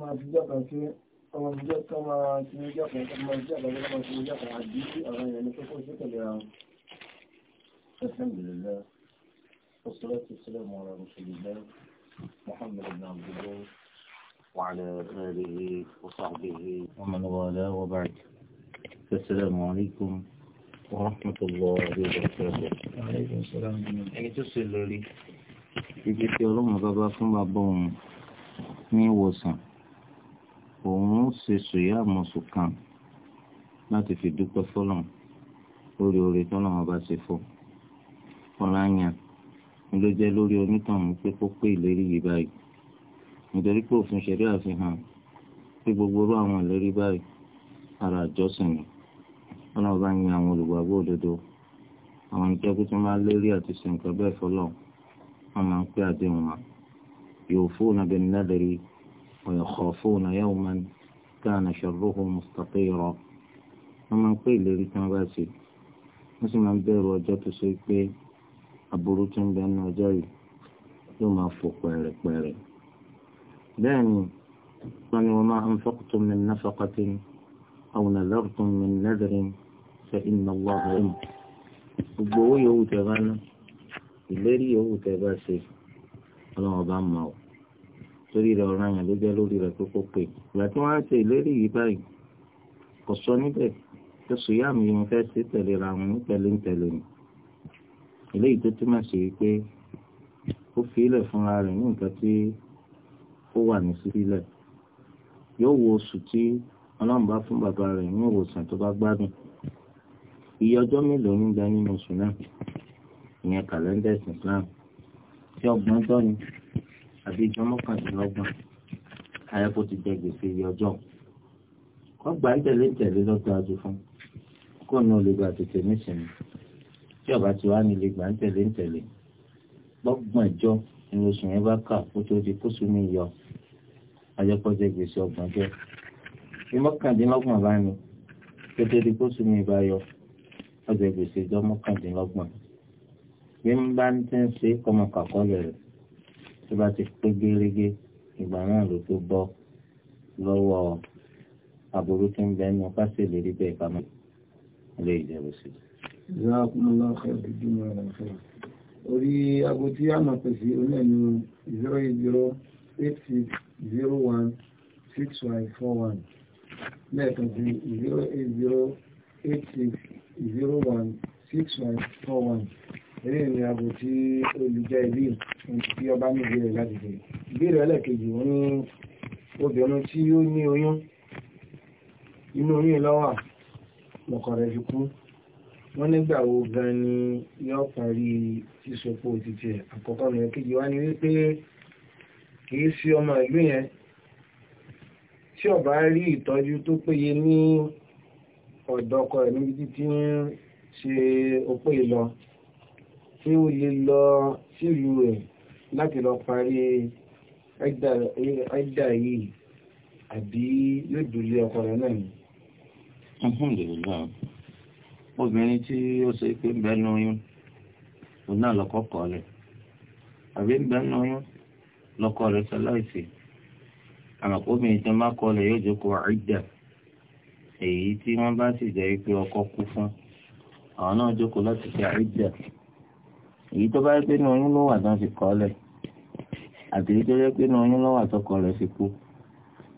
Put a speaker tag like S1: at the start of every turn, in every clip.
S1: máa fi jọ́kan sí ọmọ ìjọ tó máa ti ní jọ́kan tó máa jẹ́ àgbàdo tó máa ti ní jọ́kan àbí
S2: ọ̀rọ̀ yẹn ní kókó sí tẹ̀lé ra wọn. alhamdulillah
S3: والصلاة والسلام على رسول الله محمد بن عبد الله وعلى آله وصحبه ومن والاه وبعد السلام عليكم ورحمة الله وبركاته عليكم السلام ẹni tó ṣe lórí ibi tí ọlọ́run bá bá fún bàbá òun ní ìwòsàn òun ṣe sòyà àmọ̀sùn kan láti fi dúpẹ́ fọlọ́n lórí oore tọ́lọ́ wọn bá ṣe fún ọ̀làyàn ni ló jẹ́ lórí onítọ̀hún pé kó pé ìlérí yìí báyìí nítorí pé òfin ṣẹ̀rí àfihàn pé gbogbo orú àwọn ìlérí báyìí ara àjọsìn ni na bá yin àwọn olùgbàgbọ́ òdodo àwọn lérí ويخافون يوما كان شره مستطيرا ومن قيل لي كان باسي مثل من بير وجات سيكي أبروتين بأن وجاي يوم أفوق ويري ويري داني قال وما أنفقتم من نفقة أو نذرتم من نذر فإن الله أم وبوي هو تغانا الليري هو تغاسي أنا أضمه torí rẹ̀ ọ̀ràn yẹn ló jẹ́ lórí rẹ̀ pípọ̀ pé ìgbà tí wọ́n á ṣe ìlérí yìí báyìí kò sọ níbẹ̀ tó sọ yá mi fẹ́ ṣe tẹ̀lé ra wọn ní tẹ̀lé ń tẹ̀lé ni eléyìí tó túmọ̀ sí pé ó fi ilẹ̀ fúnra rẹ̀ ní nǹkan tí ó wà ní sílẹ̀ yóò wo oṣù tí ọlọ́run bá fún bàbá rẹ̀ ní ìwòsàn tó bá gbádùn iye ọjọ́ mélòó ń gba nínú oṣù náà ìyẹn kàlẹ́ndà ìsìn tí ọgbọ̀n ọjọ́ ni àbí ìjọ mọ́kàndínlọ́gbọ̀n ayẹ́kó ti jẹ gbèsè iye ọjọ́ kọ́ gba ìtẹ̀lé ìtẹ̀lé lọ́tọ́ ajú fún kó ní olè gba tètè nísìnyí tí ọba ti wá nílé gba ìtẹ̀lé ìtẹ̀lé lọ́gbọ̀n ìjọ ni oṣù yẹn bá kà kó tó di kó sún mi yọ ayẹ́kó jẹ gbèsè ọgbọ̀n jẹ́ bí mọ́kàndínlọ́gbọ̀n bá ní kó tó di kó sún mi bá yọ ọjọ́ gbèsè ìjọ mọ́kàndínlọ́gbọ̀n bí ń bá ń tẹ́ ń ṣe kọ́mọkàkọ́lẹ̀ rẹ̀ tó bá ti pé gérégé ìgbà náà ló tó bọ́ lọ́wọ́ aburú tí ń bẹ nínú pásítì lérí bẹ́ẹ̀ pamọ́ ilé ìjẹun sí.
S1: ìzáàkúnlọ́ ọ̀fẹ́ dúdú ọ̀fẹ́ orí aago tí a máa pèsè onílẹ̀-èdè zero eight zero eight six zero one six one four one lẹ́ẹ̀kan sí zero eight zero eight six zero one six one four one eré ìrìn àbò tí olùjẹ́ ìlú tí ọba ní ìbéèrè láti bèèrè ìbéèrè ẹlẹ́ẹ̀kejì ó ní obìnrin tí ó ní oyún inú oyún lọ́wà lọ́kọ rẹ̀ fi kú wọ́n nígbà wo gan ni yóò parí ìsopọ̀ òtítì àkọ́kọ́ mi kejì wá ní wípé kìí sí ọmọ ìlú yẹn tí ó bá rí ìtọ́jú tó péye ní ọ̀dọ̀ ọkọ rẹ̀ níbi títí ń ṣe opó ìlọ tí ó lè lọ sílù rẹ̀ láti lọ parí ẹ̀dà yìí àbí yóò dúlé ọkọ rẹ̀ náà ni.
S3: alhamdulillah obìnrin tí ó ṣe pé ń bẹnu oyún òun náà lọkọ kọ lẹ àbí ń bẹnu oyún lọkọ rẹ̀ ṣaláìsí àmàkó obìnrin tí wọn bá kọ lẹ yóò jókòó ẹ̀dà èyí tí wọn bá sì jẹ́ pé ọkọ kú fún àwọn náà jókòó láti ṣe ẹ̀dà èyí tó bá yẹ pé ní oyún ló wà tán ti kọ́ lẹ̀ àti èyí tó yẹ pé ní oyún ló wà tọkọ rẹ̀ ti kú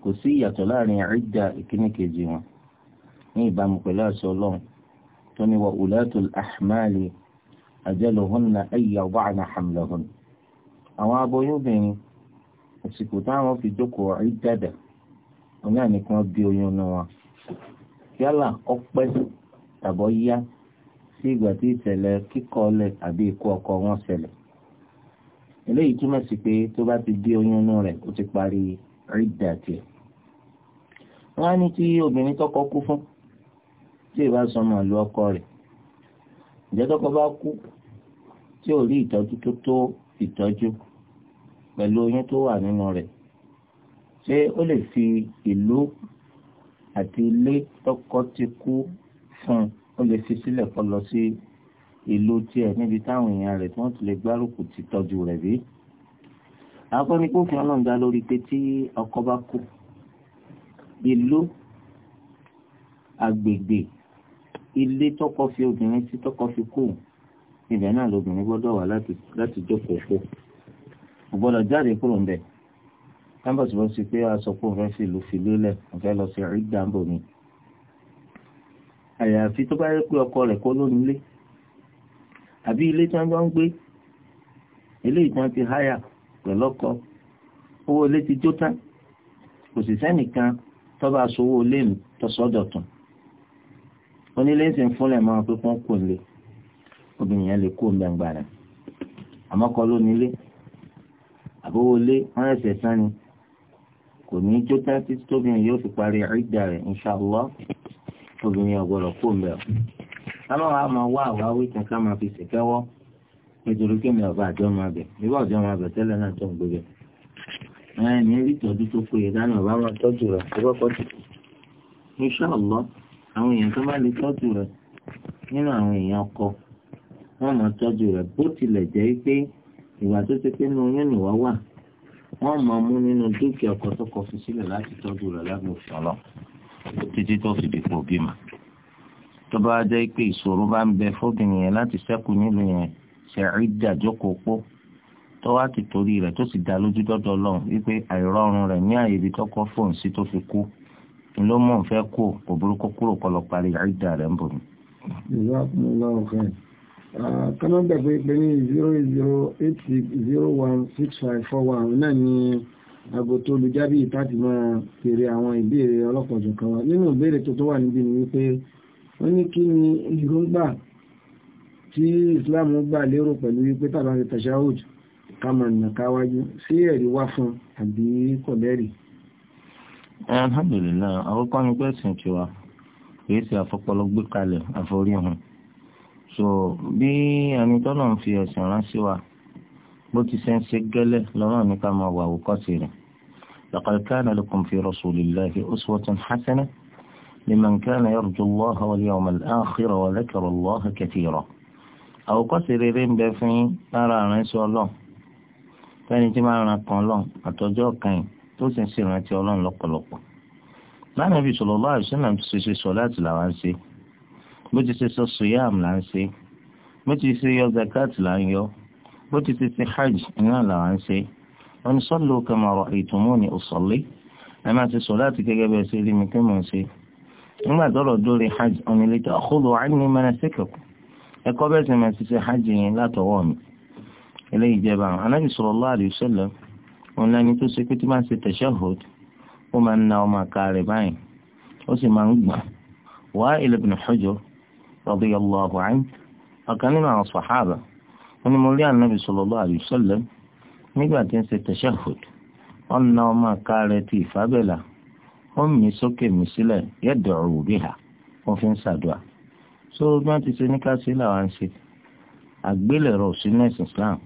S3: kò sí ìyàtọ̀ láàrin ìdá ìkíní kejì wọn ní ìbámu pẹ̀lú àṣọ ọlọ́run tó ní wa ulatul ahmali ajaluhunna ayya wada'na hamlahun àwọn aboyún obìnrin àsìkò táwọn fi jókòó ìdàdà wọn náà nìkan bí oyún nu wọn yálà ọpẹ́ tàbọ̀ yá sí ìgbà tí ìṣẹ̀lẹ̀ kíkọ́lẹ̀ àbí ikú ọkọ wọn ṣẹlẹ̀ eléyìí túmọ̀ sí pé tó bá ti dé oyún inú rẹ̀ ó ti parí rídà tiẹ̀ wọ́n á ní tí obìnrin tọkọ kú fún tí ìbá sọmọ lu ọkọ rẹ̀ ìjẹ́ tọkọ bá kú tí ò rí ìtọ́jú tó tó ìtọ́jú pẹ̀lú oyún tó wà nínú rẹ̀ ṣé ó lè fi ìlú àti ilé tọkọ ti kú fún un ó lè fi sílẹ̀ kó lọ sí ìlú tiẹ̀ níbi táwọn èèyàn rẹ̀ tí wọ́n ti lè gbárùkù ti tọ́jú rẹ̀ bí. àkọ́ni kó fi ọlọ́run dá lórí pé tí ọkọ bá kú ìlú agbègbè ilé tọkọ fi obìnrin sí tọkọ fi kú ibẹ̀ náà lobìnrin gbọ́dọ̀ wà láti jókòó kó gbọ́dọ̀ jáde kúrò ń bẹ̀ tábàtì pé aṣọ kó fẹ́ fìlú fìlú lẹ̀ kò fẹ́ lọ sí rí gbàǹbò mi àyàfi tó bá rí pé ọkọ rẹ̀ kọ́ ló nílé àbí ilé tí wọ́n jọ ń gbé eléyìí tí wọ́n ti háyà pẹ̀lú ọkọ owó ilé ti jó tán kò sì sẹ́nìkan tó bá aṣọ owó ilé tó sọ́dọ̀ tán onílé ń sì fúnlẹ̀ máa pé kán kò nílé obìnrin yẹn lè kó gbàngbà rẹ̀ àmọ́ kọ́ ló nílé àbówó ilé wọ́n ẹ̀sẹ̀ sani kò ní jó tán títí tóbi yóò fi parí ìdá rẹ̀ inṣàlá obìnrin ọ̀gbọ́dọ̀ kó mbẹ́ ọ. káwọn wa máa wá àwa wí kan ká máa fi ṣèkẹ́wọ́ nítorí kí mi ọba àjọ máa bẹ̀ nígbà ọjọ́ máa bẹ̀ tẹ́lẹ̀ náà tó ń gbé bẹ̀. ẹ ní rí ìtọ́jú tó péye dáná ọba máa tọ́jú rẹ̀ ọgọ́kọ́ tó. inṣàlọ́ àwọn èèyàn tó bá lè tọ́jú rẹ̀ nínú àwọn èèyàn ọkọ wọ́n máa tọ́jú rẹ̀ bó tilẹ̀ jẹ́ pé ìgbà tó ti pé inú oyún nìwọ́ wà wọ́n máa mú nínú dúkìá ọkọ tó kọ fi sílẹ̀ láti tọ́jú rẹ̀ lábẹ́ òfin títí tó fi dìpọ̀ bímọ tó bá jẹ́ pé ìṣòro bá ń bẹ fóbìnrin yẹn láti ṣẹ́kù nílùú yẹn ṣẹ̀rí dàjókòó pọ̀ tó wá ti torí rẹ̀ tó sì dá lójú dọ́dọ̀ lọ́hùn wípé àìrọ́rùn rẹ̀ ní àyè ibi tọ́kọ́ fóun sí tó fi kú ni ló mọ̀ fẹ́ kú kò burúkú kúrò kọlọ parí àìdá rẹ̀ ń bò mí.
S1: ìlú pé pé ní zero zero eight six zero one six five four one náà ni ago tó lu jábí ìtàtì máa fèrè àwọn ìbéèrè ọlọ́pọ̀jọ̀ kan wa nínú ìbéèrè tó tó wà níbi ni wípé wọ́n ní kí ni ìrúngbà tí Islam gbà lérò pẹ̀lú wípé tàbá ti tashahud kàmànà káwájú sí ẹ̀rí wá fún àbí kọ̀lẹ́rì.
S3: alhamdulillah àkọ́kọ́ ni pé ẹ̀sìn tiwa kìí ṣe àfọpọlọ gbé kalẹ̀ àforíhàn so bí ẹni tọ́nà ń fi ẹ̀sìn ránṣẹ́ wa bó ti ṣe ń gẹ́lẹ́ lọ́rọ̀ ní ká máa wà òkọ́sí rẹ̀ لقد كان لكم في رسول الله أسوة حسنة لمن كان يرجو الله واليوم الآخر وذكر الله كثيرا أو قصر رين بفين أرى رسول الله فإن من قول الله أتوجه كين توسن سيرنا الله لقو لقو ما نبي صلى الله عليه وسلم تسيسي صلاة لعنسي بتسيسي الصيام لعنسي بتسيسي يو زكاة لعنسي بتسيسي حج إنا لعنسي أن صلوا كما رأيتموني أصلي أما تسولاتك يا سيدي من كم ينسي أما دروا دوري حج أني لتأخذوا عني منسكك أقبلت ما تسي حجي لا تغامي إليه جبع أنا صلى الله عليه وسلم أن لن تسكت ما ستشهد وما النوم كاربين وسي مانجمع وائل بن حجر رضي الله عنه وكان مع الصحابة أن مولي النبي صلى الله عليه وسلم nígbà tí ń ṣe tashahhud wọ́n na ọmọ rẹ̀ ti ìfábẹ́là ó mì sókè mì sílẹ̀ yẹ́dọ̀ ọ̀rù ha wọ́n fi ń ṣàdùà so bí ti ṣe ní káṣí làwọn ṣe ẹ̀sìn Islam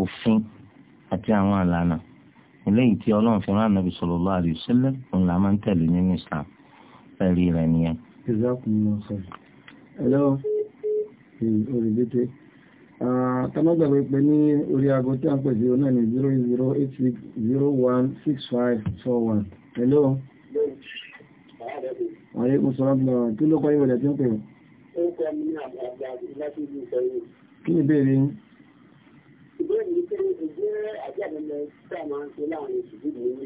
S3: òfin àti àwọn àlànà eléyìí tí ọlọ́run fi rán ànábì sallallahu alaihi wasallam òun là máa ń tẹ̀lé nínú Islam
S1: nìyẹn. Ah, tọ́mọ́gbàgbé pé ní orí aago tí a ń pè sí ọ̀nà ní 0086016541 hello wọ́n yé kún sọ ọ́pọ̀ ah, kí ló kọ́ ìwọ̀lẹ̀ tí ó pè kí ni bèèrè yìí
S2: ìbéèrè yìí pé ìgbé àjẹ́bẹ̀lẹ̀ tí a máa ń ṣe láàrin ìṣùgbọ́n ìwé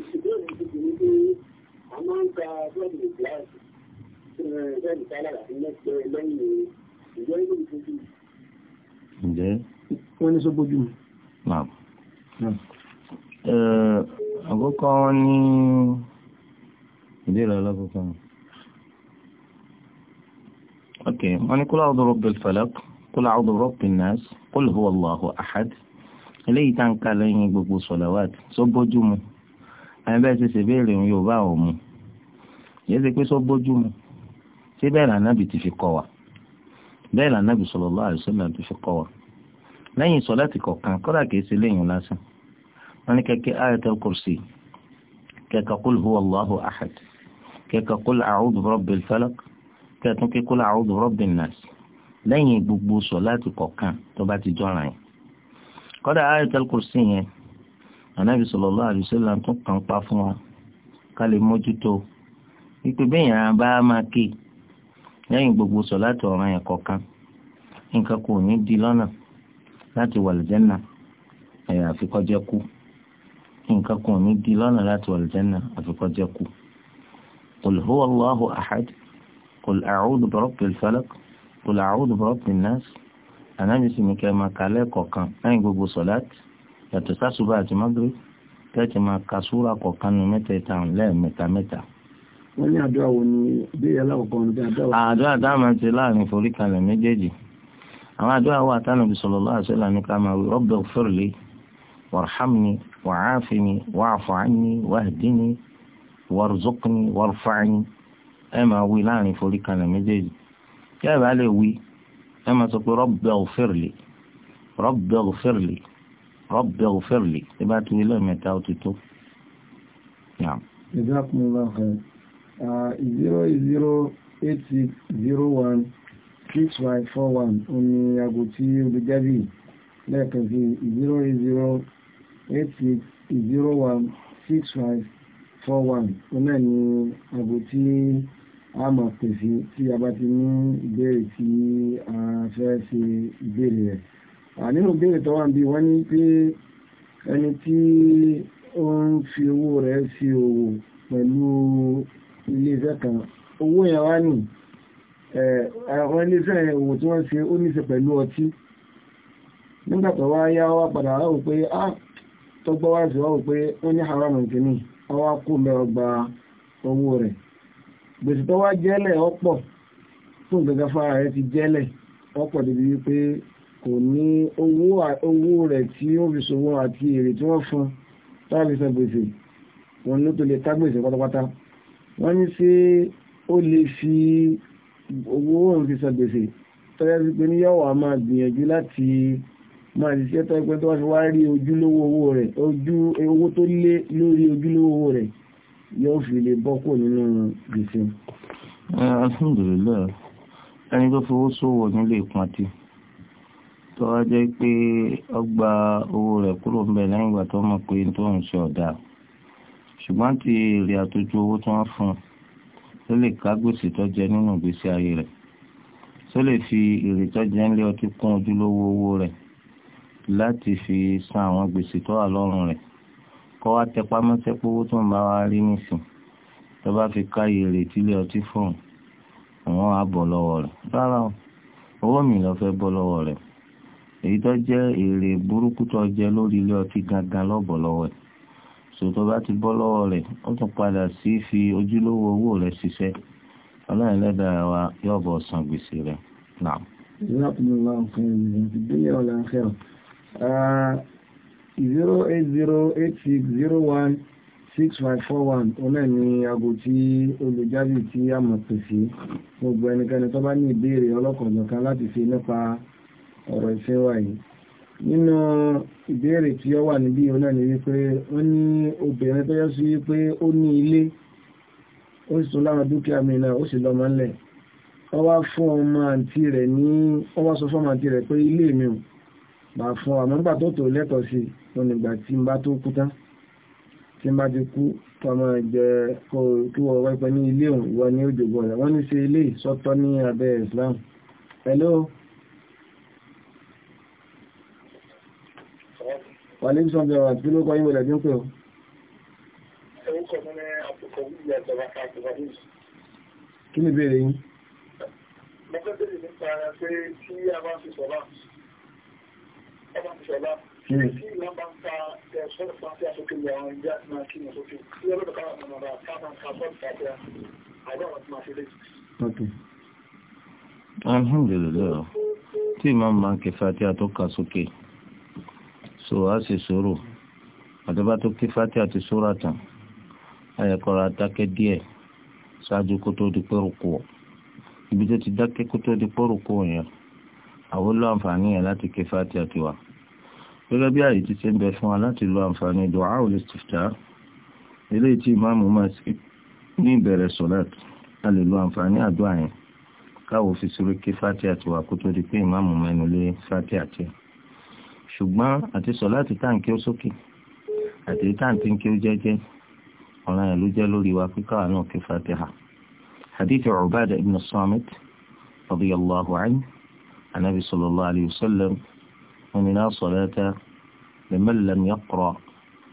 S2: ìṣùgbọ́n ìṣùgbọ́n ìwé a máa ń gba bọ́ọ̀lù ìgbà ìṣùgbọ́n ìṣùgbọ́n ìṣùgbọ́n ìṣùgbọ́n
S3: ǹjẹ́ wọ́n ní sọ́gbójú mi. àkọ́kọ́ wọn ní ìbéèrè alákọ̀ọ́kọ́ ok wọ́n ní kúlọ̀ ọ̀dọ̀ rọ̀bì falak kúlọ̀ ọ̀dọ̀ rọ̀bì nas kúlù huwa allahu ahad eléyìí tá ń ká lẹ́yìn gbogbo sọ̀làwàt sọ́gbójú mu àmì bẹ́ẹ̀ ṣe ṣèbéèrè òun yóò bá òun mu yẹ́n pé sọ́gbójú mu síbẹ̀ lànà bìtì fi kọ́ wa bẹ́ẹ̀ ni Ànábì sallallahu alaihi wasallam ti fi kọ́ wa lẹ́yìn sọ̀láàtì kọ̀ọ̀kan kọ́dà kìí ṣe lẹ́yìn lásán wọ́n ní kẹ́kẹ́ ayatul kursi kẹ́kẹ́ qul huwa Allahu ahad kẹ́kẹ́ qul a'udhu bi rabbil falaq kẹ́tún kí qul a'udhu bi rabbin nas lẹ́yìn gbogbo sọ̀láàtì kọ̀ọ̀kan tó bá ti jọ́ra yẹn kọ́dà ayatul kursi yẹn Ànábì sallallahu alaihi wasallam kàn pa fún wa ká mójútó wípé bẹ́ẹ̀ yẹn bá máa kéè lẹ́yìn gbogbo sọ̀láàtì ọ̀ràn yẹn kọ̀ọ̀kan nǹkan kò ní di lọ́nà láti wọ àlùjánnà ẹ̀yà àfikọ́jẹ́ kú nǹkan kò ní di lọ́nà láti wọ àlùjánnà àfikọ́jẹ́ kú. qul huwa allahu ahad qul a'udhu bi rabbil falaq qul a'udhu bi rabbin nas ànábì sì ní kẹ́ máa ka lẹ́ẹ̀kọ̀ọ̀kan lẹ́yìn gbogbo sọ̀láàtì yàtọ̀ sásùbà àti magrib kẹ́ẹ̀tì máa ka súra kọ̀ọ̀kan nu mẹ́tẹ̀ẹ̀ta wọ́n ní àdúrà wo ni ìbéèrè aláwọ̀kọ́ ní àdúrà wo. àdúrà tá a máa ń ṣe láàrin foríkalẹ̀ méjèèjì àwọn àdúrà wà tánàbí sallallahu alaihi wasallam ní ká máa wí rabbighfir li warhamni wa'afini wa'fu anni wahdini warzuqni warfa'ni ẹ máa wí láàrin foríkalẹ̀ méjèèjì kí ẹ bá lè wí ẹ máa sọ pé rabbighfir li rabbighfir li rabbighfir li ẹ bá ti wí lẹ́ẹ̀mẹ́ta ó ti tó.
S1: Jazakumullahu khairan. 08080016541 omi ago tí ó lè jábì lẹ́ẹ̀kan sí 08080016541 onáà ni ago tí a mọ̀ pèsè tí a bá ti ní ìbéèrè tí a fẹ́ ṣe ìbéèrè rẹ̀ nínú ìbéèrè tó wà bí wọ́n ní pé ẹni tí ó ń fi owó rẹ̀ sí òwò pẹ̀lú iléeṣẹ́ kan owó yẹn wá nì àwọn iléeṣẹ́ òwò tí wọ́n fi ó ní ṣe pẹ̀lú ọtí nígbàtọ̀ wá yá wá padà wá pé á ah! tọgbọ́ wá sí wá pé ó ní haram ọwá kú mẹ́rọ gba owó rẹ̀ gbèsè tó wá jẹ́lẹ̀ ọ̀pọ̀ fún gẹ́gẹ́ fara rẹ̀ ti jẹ́lẹ̀ ọ̀pọ̀ débi wípé kò ní owó rẹ̀ tí ó fi ṣòwò àti èrè tí wọ́n fún tábìsàn gbèsè ló wọ́n ní ṣé ó lè fi owó òun fi san gbèsè tọ́jọ́ sí pé ní yọ̀wà máa gbìyànjú láti máa ṣiṣẹ́ tó ẹgbẹ́ tó wá fi wá rí ojúlówó owó rẹ̀ ojú owó tó lé lórí ojúlówó owó rẹ̀ yóò fi lè bọ́kù nínú gbèsè.
S3: ẹni tó fowó ṣòwò nílé ìpọ́ntì tó wá jẹ́ pé ọgbà owó rẹ̀ kúrò ń bẹ̀ lẹ́yìn ìgbà tó mọ̀ pé tó ń ṣe ọ̀dà ṣùgbọ́n ti èrè àtòjú owó tí wọ́n fún un tó lè ká gbèsè tó jẹ nínú ìgbésí ayé rẹ̀ tó lè fi èrè tó jẹ ńlẹ̀ ọtí kún ojúlówó owó rẹ̀ láti fi san àwọn gbèsè tó wà lọ́rùn rẹ̀ kọ́ wá tẹpá mọ́tẹ́ pé owó tó ń bá wa rí nìsín tó bá fi ká èrè tílé ọtí fún un àwọn á bọ̀ lọ́wọ́ rẹ̀ rárá o owó mi lọ fẹ́ bọ́ lọ́wọ́ rẹ̀ èyí tó jẹ́ èrè burúkú tó jẹ lórí ilé ọtí gangan lọ́bọ̀ lọ́wọ́ ẹ̀ sòtò bá ti bọ́ lọ́wọ́ rẹ̀ ó tún padà sí fi ojúlówó owó rẹ̀ ṣiṣẹ́ ọlọ́run lẹ́dàá wa yóò bọ̀ san gbèsè rẹ̀ náà.
S1: Ah, zero eight zero eight six zero one six five four one ọ̀nà ni aago tí olùjáde tí a mọ̀ pè sí gbogbo ẹnikẹ́ni tó bá ní ìbéèrè ọlọ́kọ̀ọ̀kan láti fi nípa ọ̀rọ̀ ìfẹ́ wa nínú ìbéèrè tí ó wà níbí òun náà ni wípé ó ní obìnrin tó yẹ sí wípé ó ní ilé ó sì tún láwọn dúkìá mi náà ó sì lọ́mọ ńlẹ̀ ó wá fún ọmọ àǹtí rẹ̀ ní ó wá sọ fún ọmọ àǹtí rẹ̀ pé ilé mi ò bá fún àmọ́ nígbà tó tó lẹ́tọ̀ọ́ sí òun nígbà tí n bá tó kú tán tí n bá ti kú tọmọ ìjẹ kí wọ́n wáyé pẹ́ ní ilé ìwọ ni ó jògbọ́ rẹ̀ wọ́n ní ṣe ilé ìsọ́tọ́ ní abẹ́ Islam hello wà ní ìṣàn bẹ̀rẹ̀ àti ló kọ́ yínbẹ̀lẹ̀ tí ń pè ọ́. kí ni ìbéèrè yín. mo bèèrè
S2: nípa pé tí a bá fi sọ̀rọ̀ a bá fi sọ̀rọ̀ tí ìwọ́n bá ń ta sọ́ọ̀tì bá ń tẹ́ àsókè ní àwọn ìjà tí máa kí ní sókè tí ọlọ́dọ̀ káwọn ọmọ bá tá bá ń ta sọ́ọ̀tì bá tẹ́ àgbà wọn máa fi lé.
S3: a tó kà so a sì sòrò àtọ́bá tó kí fati àti sòrò àtàn ayẹ̀kọ́ra dákẹ́ díẹ̀ ṣáájú kó tó di pẹ́rùkù ọ̀ ibi tó ti dákẹ́ kó tó di pẹ́rùkù ọ̀ yẹn àwọn ló àǹfààní yẹn láti kí fati àti wa gẹ́gẹ́ bí àyè ti ṣe ń bẹ fún wa láti lo àǹfààní dùn áwò lè ṣèfìtà eléyìí tí ìmáàmù máa ṣe ní ìbẹ̀rẹ̀ sọ̀láàtì a lè lo àǹfààní àdúrà yẹn káwọ́ fi ṣeré kí fati àti wa kó tó di pé ìmáàmù mẹ́nu lé fati àti wa ṣùgbọ́n àti sọ láti táǹkì ó sókè àti táǹtì ń kí ó jẹ́jẹ́ ọ̀ràn ẹ̀ ló jẹ́ lórí wa pé káwa náà kí fatiha hadith Ubadah ibn Samit radiyallahu anhu anabi sallallahu alayhi wa sallam wọn ni la salata liman lam yaqra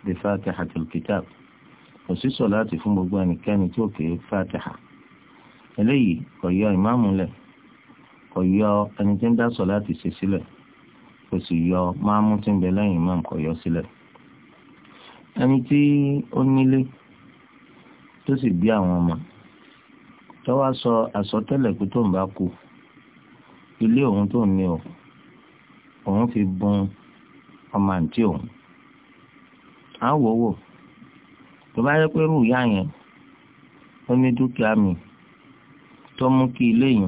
S3: bi fatihatil kitab kò sí sọ láti fún gbogbo ẹnikẹ́ni tí ó kì í fatiha eléyìí kò yọ ìmáàmù lẹ̀ kò yọ ẹni tí ń dá sọ láti ṣe sílẹ̀. Si kò sì yọ máàmú tí ń bẹ lẹ́yìn imam kò yọ sílẹ̀ ẹni tí ó nílé tó sì bí àwọn ọmọ tó wá sọ àsọtẹ́lẹ̀ pé tóun bá kú ilé òun tó ní o òun fi bùn ọmọ àǹtí òun á wò wò tó bá yẹ pé rú ìyá yẹn ó ní dúkìá mi tó mú kí ilé yìí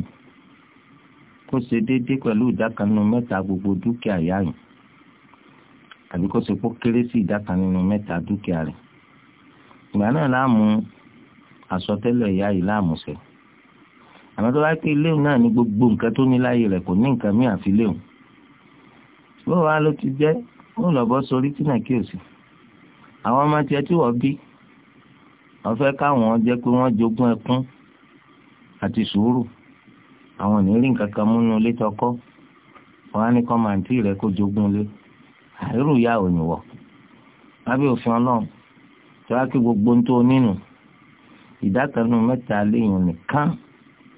S3: kó ṣe déédéé pẹ̀lú ìdá kan nínú mẹ́ta gbogbo dúkìá ìyá yìí àbí kó ṣe kó kéré sí ìdá kan nínú mẹ́ta dúkìá rẹ̀ ìgbà náà láàmú àsọtẹ́lẹ̀ ìyá yìí láàmúṣẹ àmọ́ tó bá pé iléun náà ní gbogbo nǹkan tó ní láyé rẹ̀ kò ní nǹkan mí àfi léun bó wàá ló ti jẹ́ ó lọ bọ́ sórí tí náà kí òsì àwọn ọmọ tiẹ̀ tí wọ́n bí wọ́n fẹ́ káwọn jẹ́ pé wọ́n jogún ẹkún àti sùúrù àwọn ò ní rí nǹkan kan múnú ilé tọkọ wọn á ní kọ́màǹtì rẹ kó jogún lé àìrò ìyá ò ní wọ lábẹ́ òfin ọlọ́run tí wàá kí gbogbo ń tó nínú ìdá kan nínú mẹ́ta léèyàn nìkan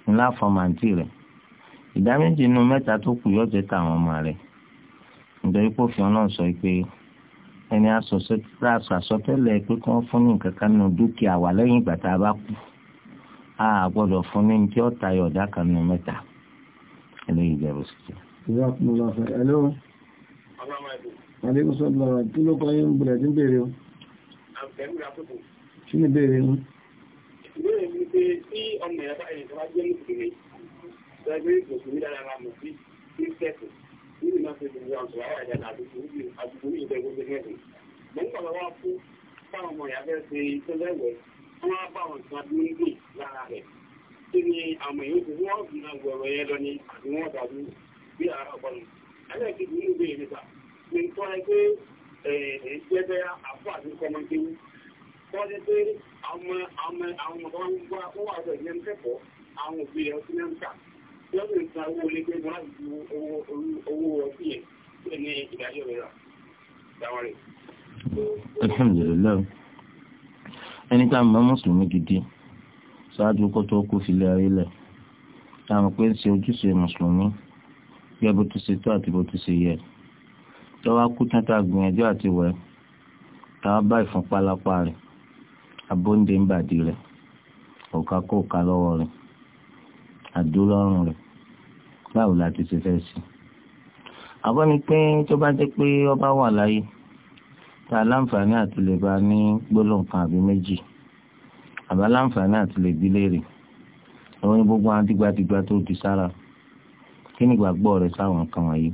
S3: ńlá fọ́màǹtì rẹ ìdá méjì nínú mẹ́ta tó kù yọjẹ táwọn ọmọ rẹ nítorí pé òfin ọlọ́run sọ pé ẹni asọ̀sọ́tẹ́lẹ̀ pé kí wọ́n fún ní nǹkan kan nínú dúkìá wà lẹ́yìn ìgbà tá a bá kú a gbọ́dọ̀ fún ní tí ó tayọ ọ̀dá kan nínú mẹ́ta eléyìí jẹ́ bó sì jẹ́.
S1: ìyá kùnú la fẹ́ ẹ̀lọ́ àdékù sọ́dọ̀ lọ́wọ́ kí ló tí ń béèrè o. kí ni béèrè ń.
S2: ìbéèrè mi pé tí ọmọ ìyá bá ẹni tó bá jẹ́ mùsùlùmí tó ẹgbẹ́ mùsùlùmí dára ra mọ̀ sí sí sẹ́kù nínú náà ṣe gbogbo àwọn ìwà àjà àdúgbò àdúgbò ìjọba ìgbésẹ̀ mẹ́rin. mo ń gbàgbọ́ wá fún fáwọn ọmọ ìyá fẹ́ wọ́n á bá wọn kan ní gbè lára rẹ̀ kí ni àmọ̀ yìí kò wọ́n fi náà gbọ̀rọ̀ yẹn lọ ní àbí wọ́n dàbí bí ara ọ̀gbọ́n ẹlẹ́ẹ̀kejì ní ìwé ìrìnsà ní nǹkan ẹ pé ẹ̀ẹ́dẹ́gbẹ́ àfọ àti kọ́mọdéwú kọ́ni pé àwọn àwọn àwọn ọmọ wa ó wà lọ ìyẹn kẹ́kọ̀ọ́ àwọn òbí rẹ̀ ọtí náà ń kà ń san owó lẹ́gbẹ́ wọn láti ju owó ọtí yẹn ní ìdájọ́ rẹ̀ rà.
S3: Alhamdulillah ẹni tá a mọ̀ mùsùlùmí gidi ṣáájú kó tó kú filẹ̀ ayé lẹ̀ tá a mọ̀ pé ń ṣe ojúṣe mùsùlùmí yẹ bó ti ṣe tó àti bó ti ṣe yẹ tó wá kú tán tá a gbìyànjú àti wẹ̀ tá a bá ìfúnpá lápá rẹ̀ abóńdé ń bàdí rẹ̀ òkà kó òkà lọ́wọ́ rẹ̀ àdó lọ́rùn rẹ̀ báwo la ti ṣe fẹ́ sí àbọ̀ ni pé tó bá jẹ́ pé ọba wà láyé tá a láǹfààní àti lè bá ní gbólóhùn kan àbí méjì àbá láǹfààní àti lè bí léèrè àwọn ní gbogbo àwọn dìgbàdìgbà tó di sára kí ni ìgbàgbọ́ rẹ̀ sáwọn kan wọ̀nyí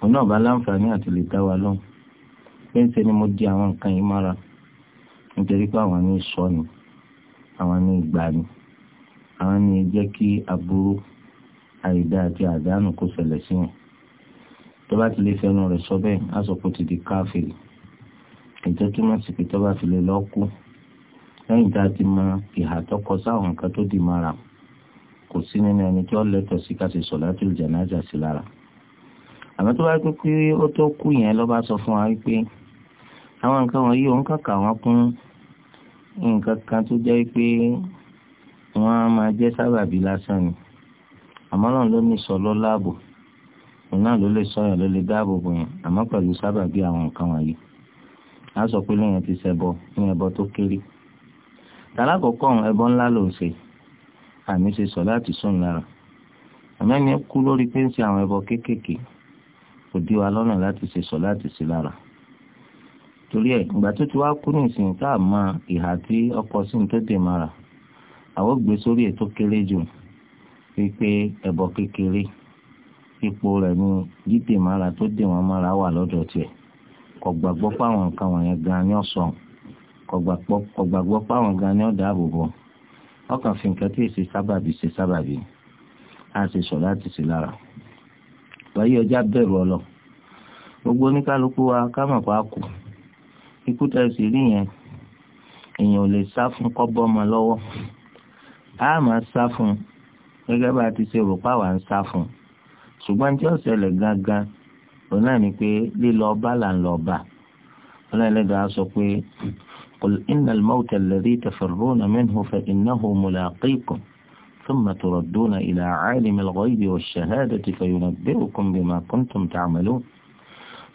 S3: òun náà bá láǹfààní àti lè dá wa lóhùn pé ń ṣe ni mo di àwọn nǹkan yìí mára nítorí pé àwọn ní sọ ni àwọn ní ìgbà ni àwọn ní jẹ́ kí aburú àìdá àti àdánù kó ṣẹlẹ̀ sí wọn tó bá ti lè fẹnu rẹ̀ sọ bẹ́ẹ̀ á sọ pé ó ti di káfíìrì ìjọ túmọ̀ sí pé tó bá fi lè lọ kú lẹ́yìn tá a ti mọ ìhà tọkọ sáwọn nǹkan tó di mara kò sí nínú ẹni tí ó lẹ́tọ̀ọ́ sí ká ṣe sọ̀látùl jánásà sí lára àmọ́ tó bá pé pé ó tó kú yẹn ló sọ fún wa wípé àwọn nǹkan wọ̀nyí òun kàkà wọn kún nǹkan kan tó jẹ́ pé wọ́n máa jẹ́ sábàbí lásán ni àmọ́ náà ló ní sọ lọ́láàbò òun náà ló lè sọyàn ló lè dáàbò bò yẹn àmọ́ pẹ̀lú sábàbí àwọn nǹkan wọ̀nyí á sọ pé lóyún ti ṣẹbọ ní ẹbọ tó kéré tàlákọ̀ọ́kọ́ ẹbọ ńlá ló ń ṣe àmì ṣe sọ láti sùn lára àmẹ́ni kú lórí pé ń ṣe àwọn ẹbọ kéékèèké kò dí wa lọ́nà láti ṣe sọ láti sí lára torí ẹ̀ ìgbà tó ti wá kú ní ìsìn tá a mọ ìhà tí ọkọ̀ sí ní tó dè mara àwọn gbé sórí ẹ̀ tó kéré jù wípé ẹbọ kékeré ipò rẹ̀ ní dídè mára tó dè wọ́n mára wà lọ́dọ̀ tiẹ̀ kò gbàgbọ́ páwọn nǹkan wọ̀nyẹn gan ni ọ̀sọ̀ kò gbàgbọ́ páwọn gan ni ọ̀dà àbòbò ọkàn fi nǹkan tí èsì sábàbí ṣe sábàbí á sì sọ láti sí lára wáyé ọjà bẹ̀rù ọlọ gbogbo oníkálukú wa ká mọ̀ pa kù ikú tẹ̀sí rí yẹn èèyàn ò lè sá fún kọ́bọ́ ọmọ lọ́wọ́ a máa sá fún gẹ́gẹ́ bá a ti ṣe rò pàwọn ń sá fún un ṣùgbọ́n tí ó ṣẹlẹ̀ gángan òun náà ni pé lílọ bá là ń lọ bá ọlọ́ọ̀lẹ́dàá sọ pé qul innal mawta alladhi tafirruna minhu fa innahu mulaqikum ثم تردون إلى عالم الغيب والشهادة فينبئكم بما كنتم تعملون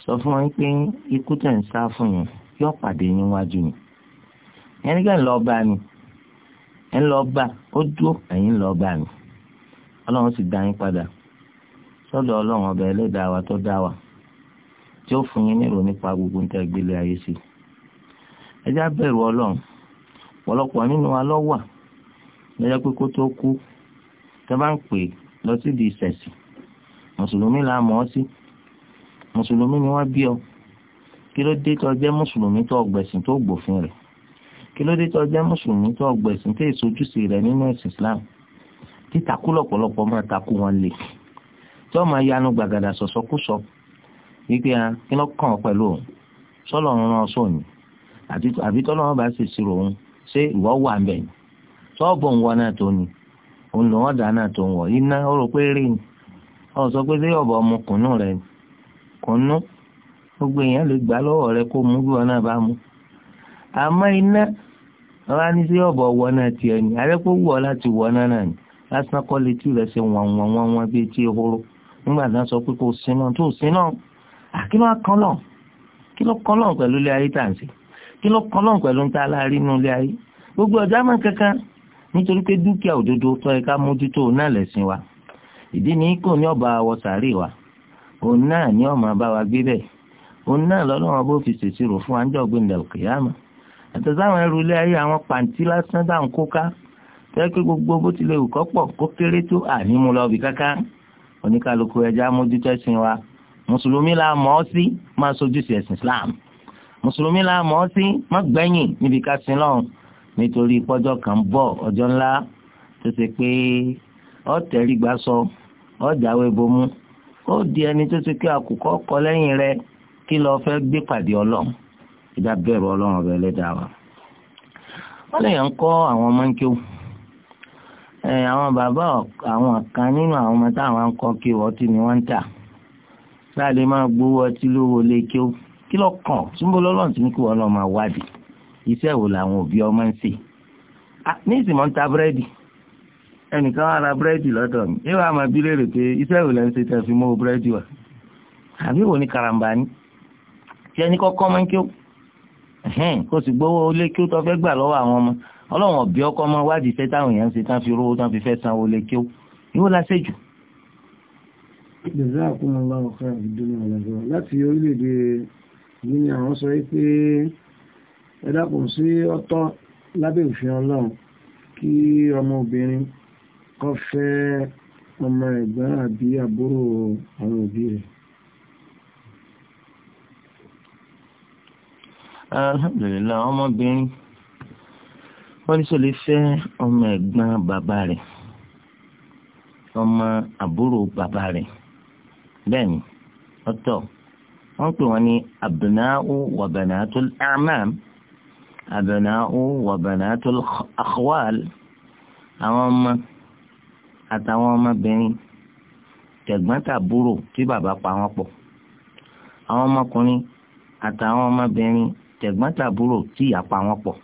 S3: sọ fún wọn pé ikú tẹ̀ ń sá fún yín yóò pàdé yín wájú ni ẹni ká ń lọ bá ni ẹ ń lọ bá ó dúró ẹ̀yin lọ bá ni ọlọ́run sì dá yín padà sọdọ ọlọrun ọba ẹlẹ́dàá wa tó dá wa tí ó fún yín nírò nípa gbogbo nǹkan ìgbélé ayé sí ẹ já bẹ̀rù ọlọ́run ọ̀pọ̀lọpọ̀ nínú wa lọ́wà lọ́jọ́ pé kó tó kú tẹ bá ń pè lọ sí di ìṣẹ̀sìn mùsùlùmí la mọ̀ ọ́ sí mùsùlùmí ni wọ́n bí ọ kí ló dé tó jẹ́ mùsùlùmí tó ọgbẹ̀sìn tó gbòfin rẹ̀ kí ló dé tó jẹ́ mùsùlùmí tó ọgbẹ̀sìn tó ìsojúṣe rẹ̀ nínú ẹ̀sìn Islam títakú lọ̀pọ̀lọpọ̀ máa takú wọn lè kí tí wọ́n máa yanu gbàgàdà sọ̀sọ́kùsọ wípé a ah, kí ló kàn ọ́ pẹ̀lú òun sọ́lọ̀ ń rán sóun àbí tọ́lọ́ wọn bá sì ṣírò òun ṣé ìwọ wà ń bẹ̀ ni tọ́ọ̀bù ń wọ náà tó ni òun lò wọ́n dà náà tó ń wọ̀ iná ó rò pé rí ni ọ sọ pé sí ọ̀bọ̀ ọmọ kùnú rẹ kùnú gbogbo èèyàn lè gbà lọ́wọ́ rẹ kó mú bí wọn náà bá mú àmọ́ iná wọn ní sí ọ̀bọ̀ wọ náà tiẹ̀ ni àrẹ́pọ̀ wù láti wọ náà náà ni lásán kọ́ nígbà tí wọ́n sọ pé kò sínú tó sínú kí ló kàn lọ kí ló kàn lọ pẹ̀lú ilé ayé tàǹsì kí ló kàn lọ pẹ̀lú níta aláàárín inú ilé ayé gbogbo ọjà máa kankan nítorí pé dúkìá òdodo tọ́ ẹ̀ka mójútó náà lẹ̀sìn wa ìdí ni kò ní ọba àwọ̀ sàárè wa òun náà ní ọmọ bá wa gbé bẹ́ẹ̀ òun náà lọ́lọ́wọ́ bó fi ṣèṣirò fún wa ń jọ gbé ndẹ̀lù kìyàmù àtẹ̀sáwọn ẹrù ilé ayé àwọn pàǹtí lásán dáhùn kó ká tẹ́ pé gbogbo bó tilẹ̀ wù kọ́ pọ̀ kó kéré tó ànímú lọ bì kankan oníkálukú ẹja mójútó ẹ̀sìn wa mùsùlùmí la mọ̀ ọ́ sí máa sojú sí ẹ̀sìn islam mùsùlùmí la mọ̀ ọ́ sí má gbẹ̀yìn níbi ká sin lọ́hùn nítorí pọ́jọ́ kan ń bọ̀ ọjọ́ ńlá tó ṣe pé ọ́ tẹ̀rí gbà sọ ọ́ jáwé bomú ó di ẹni tó ṣe pé àkùkọ kọ lẹ́yìn rẹ kí lọ fẹ́ gbé pàdé ọlọ́run ìdá bẹ̀rù ọlọ́run rẹ lẹ́dàá wa. wọ́n lè yàn kọ́ àwọn ọmọ ń kéwù àwọn bàbá àwọn kan nínú àwọn ọmọ táwọn ń kọ́ kí ọtí ni wọ́n ń tà láàlè máa gbowó ọtí lówó lé kí ó kí lọ kàn túnbọ̀ lọ́lọ́run tí ní kí wọ́n lọ máa wádìí iṣẹ́ wo làwọn òbí ọmọ ń ṣe. ní ìsìnmọ̀ ń ta búrẹ́dì ẹnìkan wá ra búrẹ́dì lọ́dọ̀ mi ẹ wàá máa bí léèrè pé iṣẹ́ wo lẹ́ ń ṣe tẹ́ fi mọ́ búrẹ́dì wá. àbí wo ni karambà ni tí ẹni kọ́kọ́ máa ń kí ó kó sì gbowó lé kí ó tọ́ fẹ́ gbà lọ́wọ́ àwọn ọmọ ọlọ́run ọ̀bí ọkọ máa wádìí fẹ́ táwọn èèyàn ń ṣe tán fi rówó tán fi fẹ́ sanwó lé kí ó ìwọ la ṣe jù.
S1: jazakumullahu khairan ìdúnnú ọ̀làjọ́ láti orílẹ̀-èdè yìí ni àwọn sọ pé ẹ dákun sí ọ̀tọ̀ lábẹ́ òfin ọlọ́run kí ọmọbìnrin kọ́ fẹ́ ọmọ ẹ̀gbọ́n àbí àbúrò àwọn òbí rẹ̀.
S3: alhamdulilayi ọmọbìnrin wọ́n ní sọlẹ fẹ́ ọmọ ẹ̀gbọ́n bàbá rẹ̀ ọmọ àbúrò bàbá rẹ̀ bẹ́ẹ̀ni ọ̀tọ̀ wọ́n pè wọ́n ní abna'u wa banatul a'mam abna'u wa banatul akhwal àwọn ọmọ àtàwọn ọmọbìnrin tẹ̀gbọ́n-tàbúrò tí bàbá pa wọ́n pọ̀ àwọn ọmọkùnrin àtàwọn ọmọbìnrin tẹ̀gbọ́n-tàbúrò tí ìyá pa wọ́n pọ̀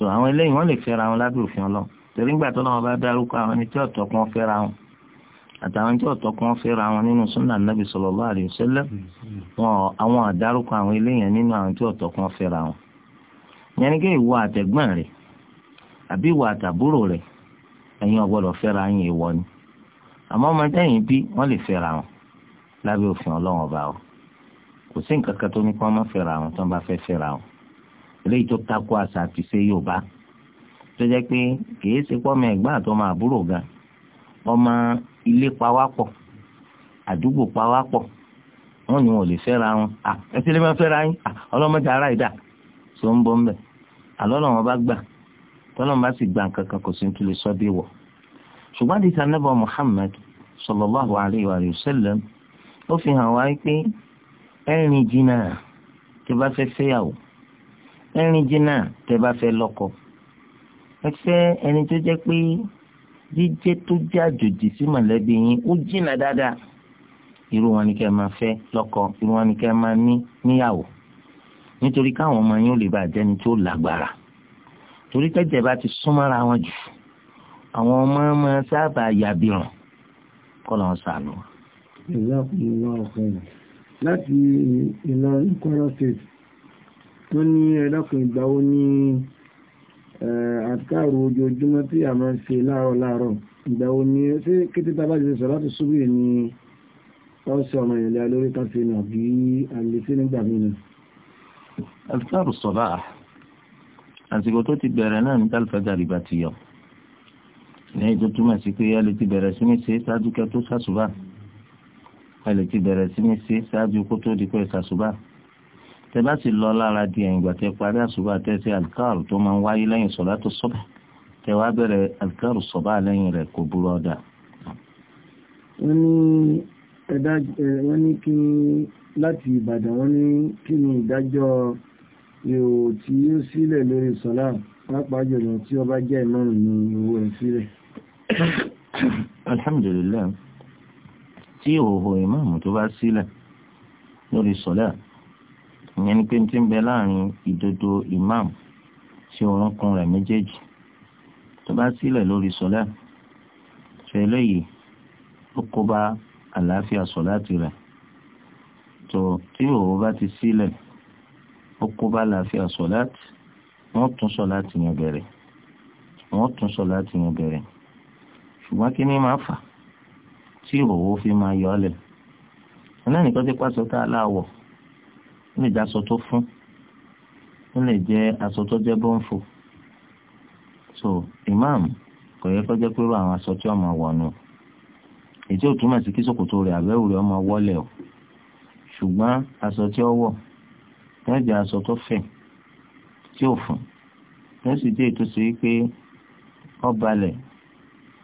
S3: so àwọn eléyìí wọ́n lè fẹ́ra wọn lábẹ́ òfin ọlọ́run torí ńgbà tó náà bá dárúkọ àwọn ẹni tí ọ̀tọ̀ kan fẹ́ra wọn àtàwọn tí ọ̀tọ̀ kan fẹ́ra wọn nínú súnà nàbì sallallahu alaihi wasallam wọn àwọn àdárúkọ àwọn eléyìí nínú àwọn tí ọ̀tọ̀ kan fẹ́ra wọn. ìyẹn ni kí ìwọ àtẹ̀gbọ́n rẹ̀ àbí ìwọ àtàbúrò rẹ̀ ẹ̀yin ọ̀gbọ́dọ̀ fẹ́ra yín ìwọ ni àmọ́ ọmọ tẹ́yìn bí wọ́n lè fẹ́ra wọn lábẹ́ òfin ọlọ́run ọba o kò sí nǹkan kan tó ní kí wọ́n má fẹ́ra wọn tó ń bá fẹ́ fẹ́ra wọn eléyìí tó takò àṣà àti ṣe Yorùbá tó jẹ́ pé kìí ṣe pọ́mọ ẹ̀gbọ́n àtọmọ àbúrò gan ọmọ ilé pawápọ̀ àdúgbò pawápọ̀ wọn ni wọn ò lè fẹ́ra wọn ẹsẹ̀ lè máa fẹ́ra yín ọlọ́mọdé ara ìdá tó ń bọ́ ńbẹ̀ àlọ́ làwọn bá gbà tọ́lọ́mọ bá sì gbà kankan kò sí ní tulè sọ́ bí wọ̀ ṣùgbọ́n àdìsá nàbà Muhammad sallallahu alayhi wa sallam ó fi hàn wá pé ẹ̀rìn jìnnà tí bá fẹ́ fẹ́yàwó ẹrin jìnnà tẹ́ bá fẹ́ lọ́kọ ẹ fẹ́ ẹni tó jẹ́ pé jíjẹ́ tó jẹ́ àjòjì sí mọ̀lẹ́bí yín ó jìnnà dáadáa irú wọn ni kẹ́ ẹ máa fẹ́ lọ́kọ irú wọn ni kẹ́ ẹ máa ní níyàwó nítorí káwọn ọmọ yín ò lè bá jẹ́ni tó lágbára torí tẹ́jẹ̀ bá ti súnmọ́ra wọn jù àwọn ọmọ máa sábà yàbìràn kọ́ lọ́n sànù. ìyá kùnú
S1: náà fẹ́ràn láti Ìlọrin kọ́rọ́ state wọ́n ní ẹlẹ́kùn ìgbà ó ní àtàrò ojoojúmọ́ tí a máa ń ṣe láàárọ̀ láàárọ̀ ìgbà ó ní ṣé kété tá a bá ti sọ láti ṣubú yìí ni ọ̀sẹ̀ ọmọ ìrìnlẹ̀ lórí káfíń nù àbí àlèsí nígbà mí nù.
S3: àtàrò sọ̀bà àsìkò tó ti bẹ̀rẹ̀ náà ní tálífẹ́gà rìbá ti yọ ní ètò túmọ̀ sí pé ẹ lè ti bẹ̀rẹ̀ sí ní ṣe ṣáájú kẹ́ tó ṣàṣùbà ẹ lè ti bẹ̀rẹ̀ sí ní ṣe ṣáájú kó tó di pé ṣàṣùbà tẹ bá sì lọ lára di ẹ̀yìn ìgbà tẹ parí àṣùbà tẹ ṣe alikaru tó máa ń wáyé lẹ́yìn sọ̀lá tó sọ́bà tẹ wá bẹ̀rẹ̀ alikaru sọ̀bà lẹ́yìn rẹ̀ kò burú ọ̀dà.
S1: wọ́n ní ẹ̀dá wọ́n ní kí láti ìbàdàn wọ́n ní kí ni ìdájọ́ ihò tí ó sílẹ̀ lórí sọ̀lá pàápàá jùlọ tí ó jẹ́ ìmọ̀ràn ní owó ẹ̀ sílẹ̀.
S3: alhamdulilayi tí ìhòòhò ìmáàmù tó bá sílẹ̀ lórí sọ̀lá ìyẹn ni pé n ti ń bẹ láàrin ìdodo imam sí orúnkún rẹ̀ méjèèjì tó bá sílẹ̀ lórí sọ́lá ṣe eléyìí ó kó bá àlàáfíà sọ́lá tirẹ̀ tó tí òwò bá ti sílẹ̀ ó kó bá àlàáfíà sọ́lá wọ́n tún sọ́lá tìyàn bẹ̀rẹ̀ wọ́n tún sọ́lá tìyàn bẹ̀rẹ̀ ṣùgbọ́n kí ni máa fà tí òwò fi máa yọ ọ́ lẹ̀ ọ̀nà nìkan ti pàṣẹ tá a láwọ̀ lè jẹ́ aṣọ tó fún ó lè jẹ́ aṣọ tó jẹ́ bọ́ǹfò so imam kò yẹ kó jẹ́ pé irú àwọn aṣọ tí ọmọ wọnú ètí ò túmọ̀ sí kí ṣòkòtò rẹ̀ àbẹ́wò rẹ̀ ọmọ wọlé o ṣùgbọ́n aṣọ tí ó wọ̀ wọ́n jẹ́ aṣọ tó fẹ̀ tí ò fún wọ́n sì jẹ́ ètò sí pé ó balẹ̀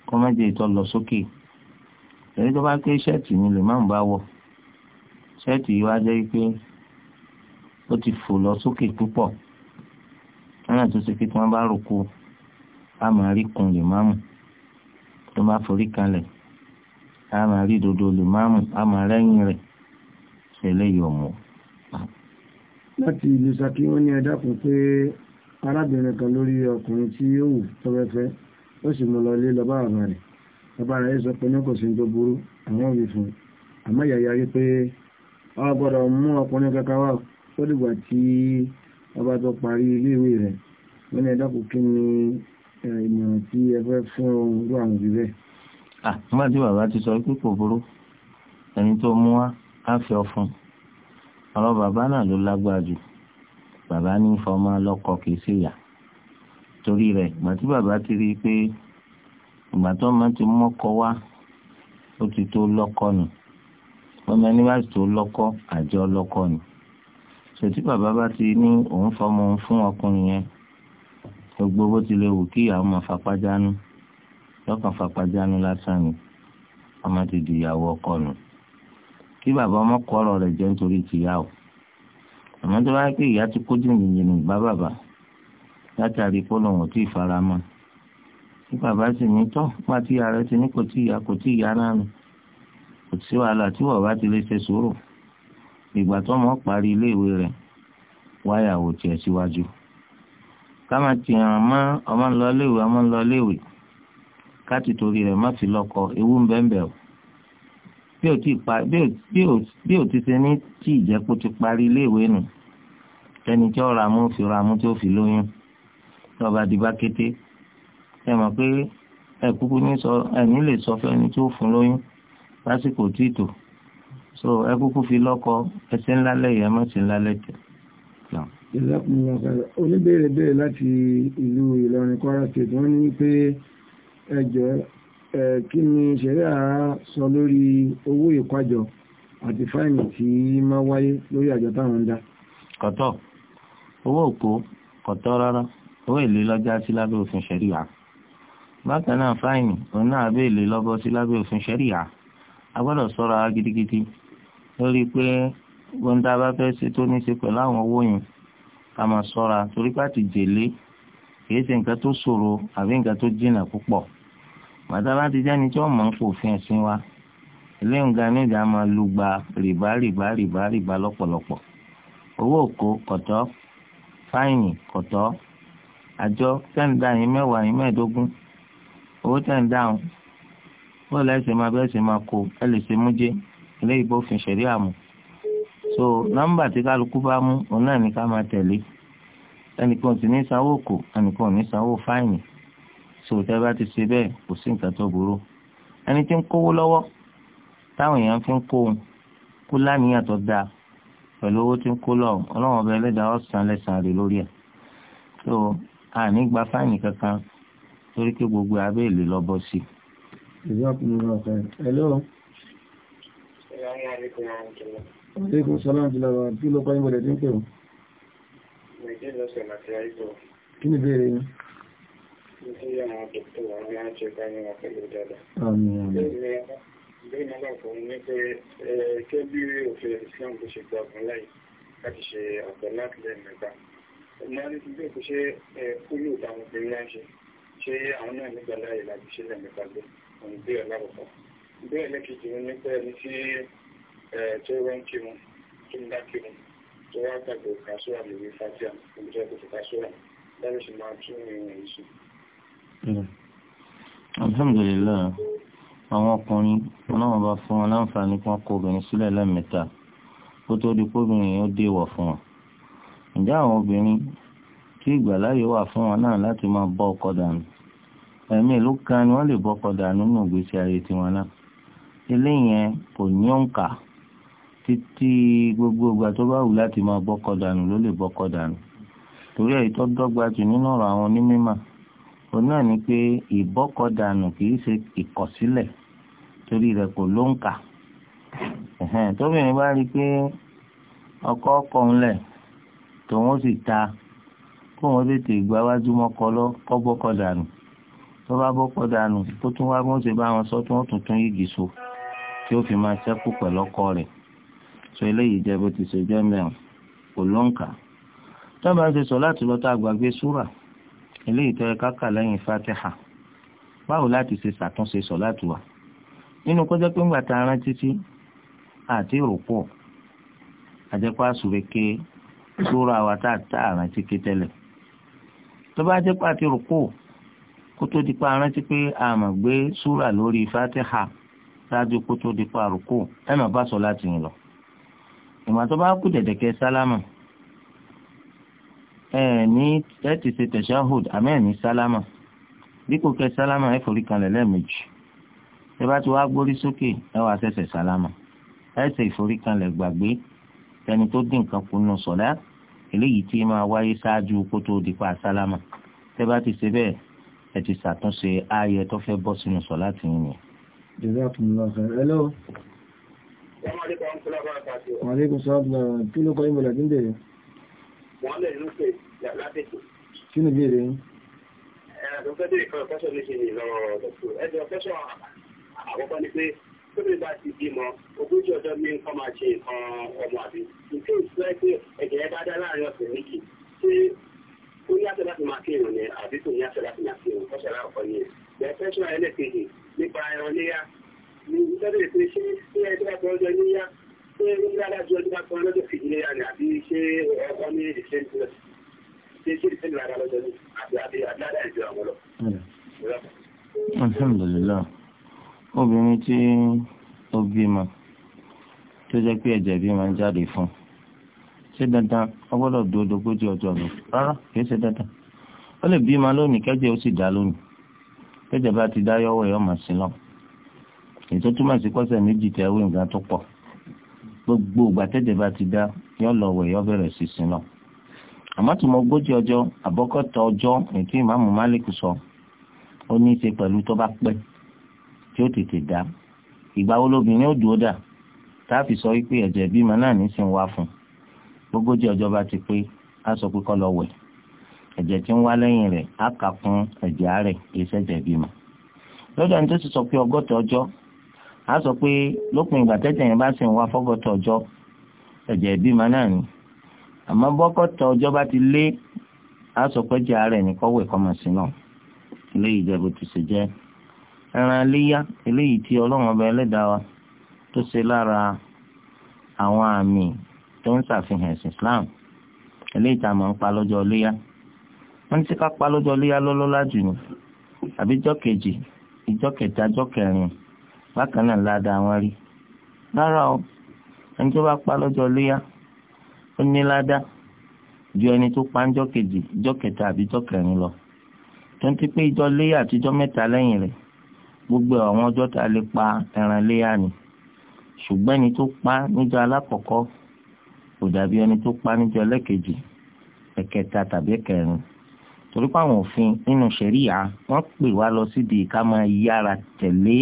S3: kó má jẹ́ ètò lọ sókè èyí tó bá pé ṣẹ́ẹ̀tì ni lè má ń bá wọ̀ ṣẹ́ẹ̀tì yìí wá jẹ́ pé ó ti fò lọ sókè púpọ̀ lọ́nà tó ṣe pé tí wọ́n bá rúkú a máa rí kun lè máàmù tó bá forí kalẹ̀ a máa rí dodo lè máàmù a máa rẹ́yìn rẹ̀ ṣẹlẹ̀ yọ̀ mọ́.
S1: láti ìlú Ṣakí wọ́n ní ẹ̀dá kan pé arábìnrin kan lórí ọkùnrin tí ó wù tọ́fẹ́fẹ́ ó sì mú lọ ilé lọ bá bàbá rẹ̀ bàbá rẹ̀ sọ pé ní kò sí tó burú àwọn òbí fún un àmọ́ yàyà rí pé ọ gbọ́dọ̀ mú ọkùnrin kankan wà sódìgbà tí ọba tó parí iléèwé rẹ̀ wọ́n ní ẹ̀dá kò kí ni ìmọ̀ràn tí ẹ fẹ́ fún
S3: irú àwọn òbí bẹ́ẹ̀. àmọ́ tí bàbá ti sọ pé kò burú ẹni tó mú wá á fi ọ fún ọ̀rọ̀ bàbá náà ló lágbára jù bàbá ní fọmọ lọ́kọ kì í ṣèyà torí rẹ̀ ìgbà tí bàbá ti rí i pé ìgbà tó máa ti mọ́kọ wá ó ti tó lọ́kọ nù ọmọ ẹni bá ti tó lọ́kọ àjọ lọ́kọ nù sọtí bàbá bá ti ní òun fọmọ fún ọkùnrin yẹn gbogbo bó ti lè wù kí ìyàwó máa fapájánú lọ́kàn fapájánú lásán ni ọmọ ti di ìyàwó ọkọ nù kí bàbá ọmọ kọ ọ̀rọ̀ rẹ̀ jẹ́ nítorí tìyàwó àmọ́ tó bá yẹ pé ìyá ti kó jìnnìjìnnì bá bàbá látàrí pọlọmọ tí ì fara mọ́ tí bàbá sì ní tọ́ pàtí ààrẹ ti ní kò tí ìyá kò tí ìyá náà nù kò sí wàhálà tí wọ́n bá ti lè ṣe sùúrù ìgbà tó mọ̀ parí iléèwé rẹ̀ wáyàwó tiẹ̀ síwájú ká máa ti hàn mọ́ ọmọ ń lọ iléèwé ọmọ ń lọ iléèwé ká ti torí rẹ̀ má fi lọ́kọ ewu ń bẹ́ẹ̀ bẹ́ẹ̀ o bí o ti pa bí o ti ṣe ní tí ìjẹ́pọ̀ ti parí iléèwé nù ẹni tí ó ra mú fi ra mú tí ó fi lóyún lọ́ba di bá kété ẹ mọ̀ pé ẹ kúkú ní sọ ẹ nílè sọ fẹ́ni tí ó fún lóyún lásìkò tí ì tò so ẹ kúkú fi lọ́kọ ẹsẹ̀ ńlá lẹ́yìn ẹ má ti ńlá lẹ́jẹ̀.
S1: oníbèrè bèrè láti ìlú Ìlọrin Kwara State wọ́n ní pé ẹjọ́ kí ni ṣẹ̀ríà sọ lórí owó ìpàjọ àti fáìnì tí máa wáyé lórí àjọ táwọn ń dá.
S3: kọ̀tọ̀ owó òpó kọ̀tọ̀ rárá owó èlé lọ́jà sí lábẹ́ òfin ṣẹ̀ríà bákan náà fáìnì òun náà abẹ́ èlé lọ́bọ́ sí lábẹ́ òfin ṣẹ̀ríà a gbọ́dọ̀ sọ́ra gidigidi lórí pé gbọ́ndà bá fẹ́ ṣe tó ní ṣe pẹ̀lú àwọn owó yìí ká máa ṣọ́ra torí pé àti jèlé kìí ṣe nǹkan tó ṣòro àbí nǹkan tó jìnnà púpọ̀ màtá ti jẹ́ni tí wọ́n mọ̀ ń kó òfin ẹ̀sìn wa eléyìí ga ní ìjà máa lu gba rìbá rìbá rìbá rìbá lọ́pọ̀lọpọ̀ owó òkó kọ̀tọ́ fáìnì kọ̀tọ́ àjọ tẹ́ǹdà yín mẹ́wàá yín mẹ́ẹ̀ẹ́dógún owó tẹ́ǹdà ń bó lẹ́sìn máa bẹ́ẹ̀ máa kó ẹ lè ṣe mújẹ́ eléyìí bófin ṣẹ̀ríà mu so nọ́mbà tí kálukú bá mú òun náà ní ká máa tẹ̀lé ẹnìkan ò sì ní sanwó kò ẹnìkan ò ní sanwó fáìnì so tẹ́ bá ti ṣe bẹ́ẹ̀ kò sí nǹkan tó burú ẹni tí ń kówó lọ́wọ́ táwọn èèyàn fi ń kó òun kó láníyàn tó dáa pẹ̀lú owó tí ń kó lọ ọlọ́wọ́n ọba ẹlẹ́dàá ọ̀sán lẹ́sàn-án rè lórí ẹ̀ so àní gba fáìnì kankan torí pé gbogbo abẹ́ ìlú lọ bọ́ sí i.
S1: ìjọba kò ní ẹ lóò. Aleykum salam jùlọ wà kí ló pàyín bọ̀dẹ̀ tí ń pẹ̀rún?
S2: Mèjì lọ́sẹ̀ láti àìbò.
S1: Kí ni béèrè yìí?
S2: Ìdí àwọn àpẹẹtọ̀ àwọn aláàjẹ́ bá ní wọn pẹ̀lú
S3: dáadáa.
S2: Bẹ́ẹ̀ni aláàfọ̀ ní pé kẹ́ bí òfin Islam tó ṣe gba ọ̀gbọ̀n láì láti ṣe ọ̀gbọ̀n láti lẹ́nu mẹ́ta. Ọmọ ní ti bẹ́ẹ̀ kó ṣe kúrò táwọn obìnrin láì àwọn náà nígbà láì láti ṣe lẹ́nu ìbéèrè lẹ́kejì mi nípa ẹni tí tó rán kírun tó ń dá kírun tó wá gbàgbọ́ kásúrà lè rí fatia olùjẹ́ kòtò kásúrà lẹ́yìn sì máa tún ìrìn èyí
S3: alhamdulillah àwọn ọkùnrin ọlọ́run bá fún wọn láǹfààní kí wọ́n kó obìnrin sílẹ̀ lẹ́ẹ̀mẹ́ta kó tó di kóbìnrin yẹn ó déwọ̀ fún wọn. ǹjẹ́ àwọn obìnrin tí ìgbàláyè wà fún wọn náà láti máa bọ́ ọkọ dànù ẹ̀mí ìlú kan ni wọ́n lè bọ́ ọkọ dànù nínú ìgbésí ayé tiwọn náà eléyẹn kò ní òǹkà títí gbogbo ìgbà tó bá wù láti máa bọ́kọ dànù ló lè bọ́kọ dànù torí èyí tó dọ́gba jù nínú ọ̀rọ̀ àwọn onímọ̀ òun náà ni pé ìbọ́kọ dànù kì í ṣe ìkọ̀sílẹ̀ torí rẹ̀ kò lóǹkà tóbìnrin bá rí i pé ọkọ ọkọ ńlẹ̀ tòun ó sì ta kó wọn tètè gba wájú mọ́kọ kọ́ bọ́kọ dànù tó bá bọ́kọ dànù tó tún wá bó ṣe bá wọn sọ tó wọ́n tuntun yìí gìso tí ó fi máa ṣẹ́kù pẹ̀lú ọkọ rẹ̀ sọ eléyìí jẹ́ bó ti ṣe jẹ́ mẹ́rin kò ló ń kà tọ́ba ṣe sọ láti lọ tá a gbàgbé súrà eléyìí tọ́ ẹ káka lẹ́yìn fatiha báwo láti ṣe ṣàtúnṣe sọ láti wà nínú kọjá pé ńgbà tá a rán títí àti ìrùpọ̀ àjẹpá sùrèké súrà wa tá a tá a rántí tẹ́lẹ̀ tọ́ba àjẹpá àti ìrùpọ̀ kó tó di pa rántí pé a máa gbé súrà lórí fatiha ṣáájú kó tó di pa àrùkù ẹ má bá sọ láti yìn lọ ìmọ̀ tó bá kú dẹ̀dẹ̀kẹ́ sálámà ẹ ní ẹ ti ṣe tẹ̀síáhùd àmọ́ ẹ̀ ní sálámà dípò kẹ́ sálámà ẹ forí kalẹ̀ lẹ́ẹ̀mejì ẹ bá ti wá gbórí sókè ẹ wá ṣẹ̀ṣẹ̀ sálámà ẹ ṣe ìforí kalẹ̀ gbàgbé ẹni tó dín nǹkan kù nù sọ̀lá eléyìí tí máa wáyé ṣáájú kó tó di pa sálámà tẹ bá ti ṣe bẹ́ẹ̀ ẹ ti ṣàtúnṣe ààyè tó fẹ́ bọ́ sínú sọ̀lá tì yín nìyẹn. Jazakumullahu khairan. Hello. Wa alaikum salam. Kí ló kọ́ ìmọ̀lá tí ń bèèrè?
S2: Wọ́n lè ní pé látẹ́kù.
S1: Kí ni bèèrè yín?
S2: Ẹ̀rọ tó fẹ́ kọ́ ìfẹ́sọ̀ ní ṣe ìlọ́rọ̀ ọ̀dọ̀kú. Ẹjọ́ fẹ́sọ̀ àkọ́kọ́ ni pé tó bí bá ti bímọ, ogójì ọjọ́ ní nǹkan máa ṣe nǹkan ọmọ àbí. Ìké ìfẹ́ pé ẹ̀jẹ̀ ẹ bá ìgbàfẹ́sùn ẹlẹ́kejì nípa ẹran léyà ní ìtọ́bẹ̀rẹ̀ pé ṣé ṣé ẹni tó bá pọ̀ ọjọ́ léyà ṣé ní aláàjọ ọjọ́ bá pọ̀ lọ́jọ́ fìdí léyà ni àbí ṣé ọkọ ní ìṣe ń tilẹ̀ ṣé ṣé ìṣe ìlànà lọ́jọ́ ní àbí àbí àdáadáa ìjọ àwọn lọ.
S3: alhamdulilayi obìnrin tí ó bímọ tó jẹ́ pé ẹ̀jẹ̀ bí máa ń jáde fún ṣé dandan ọgbọ́dọ̀ dúró dogójì ọjọ́ mi rárá kì ṣe dandan ó lè bímọ lónìí kẹ́jẹ́ ó sì dá lónìí tẹ́jọba ti dá yọ̀wọ̀ yọ̀ mà sí lọ. ètò túmọ̀ sí pọ́sẹ̀ méjì tẹ́ wí nǹkan tó pọ̀ gbogbo ìgbà tẹ́jọba ti dá yọ̀ lọ wẹ̀ yọ̀ bẹ̀rẹ̀ sí sí lọ. àmọ́ tí mo gbójú ọjọ́ àbọ́kọ́tọ̀ ọjọ́ ètò ìmáàmù Malik sọ ó ní í ṣe pẹ̀lú tó bá pẹ́ tí ó tètè dá ìgbà wo lóbìnrin ó dúró dà tá a fi sọ wípé ẹ̀jẹ̀ bímọ náà ní í sìn wá fún gbogbo ọjọ́ ti pé á sọ pé kó lọ wẹ̀ ẹ̀jẹ̀ tí ń wá lẹ́yìn rẹ̀ á kà fún ẹ̀jẹ̀ ní tó ti sọ pé ọgọ́ta ọjọ́ á sọ pé lópin ìgbà yẹn bá sì ń wá fọ́gọ́ta ọjọ́ ẹ̀jẹ̀ náà ni àmọ́ bọ́gọ́ta ọjọ́ bá ti lé á sọ pé ẹ̀jẹ̀ àárẹ̀ ní kọ́wé kọ́mọ̀sí náà eléyìí jẹ́ bó ti ṣe jẹ́ ẹran iléyá eléyìí tí ọlọ́run ọba ẹlẹ́dàá wa tó ṣe lára àwọn àmì tó ń ṣàfihàn ẹ̀sìn Islam eléyìí tá a wọ́n ti ká pa lọ́jọ́ léyà lọ́lọ́lá jù ní àbí jọ́ kejì ìjọ́ kẹta jọ́ kẹrin bákan náà ládàá wọn rí rárá o ẹni tó bá pa lọ́jọ́ léyà ó ní ládàá ju ẹni tó pa ńjọ́ kejì ìjọ́ kẹta àbí jọ́ kẹrin lọ tó ń ti pé ìjọ́ léyà àtijọ́ mẹ́ta lẹ́yìn rẹ̀ gbogbo àwọn ọjọ́ tá lè pa ẹran léyà ni ṣùgbọ́n ẹni tó pa níjọ́ alákọ̀ọ́kọ́ kò dàbí ẹni tó pa níjọ́ ẹlẹ́kejì ẹ̀kẹta tàbí ẹ̀kẹrin torí pé àwọn òfin nínú ṣẹ̀ríà wọ́n pè wá lọ síbi ká máa yára tẹ̀lé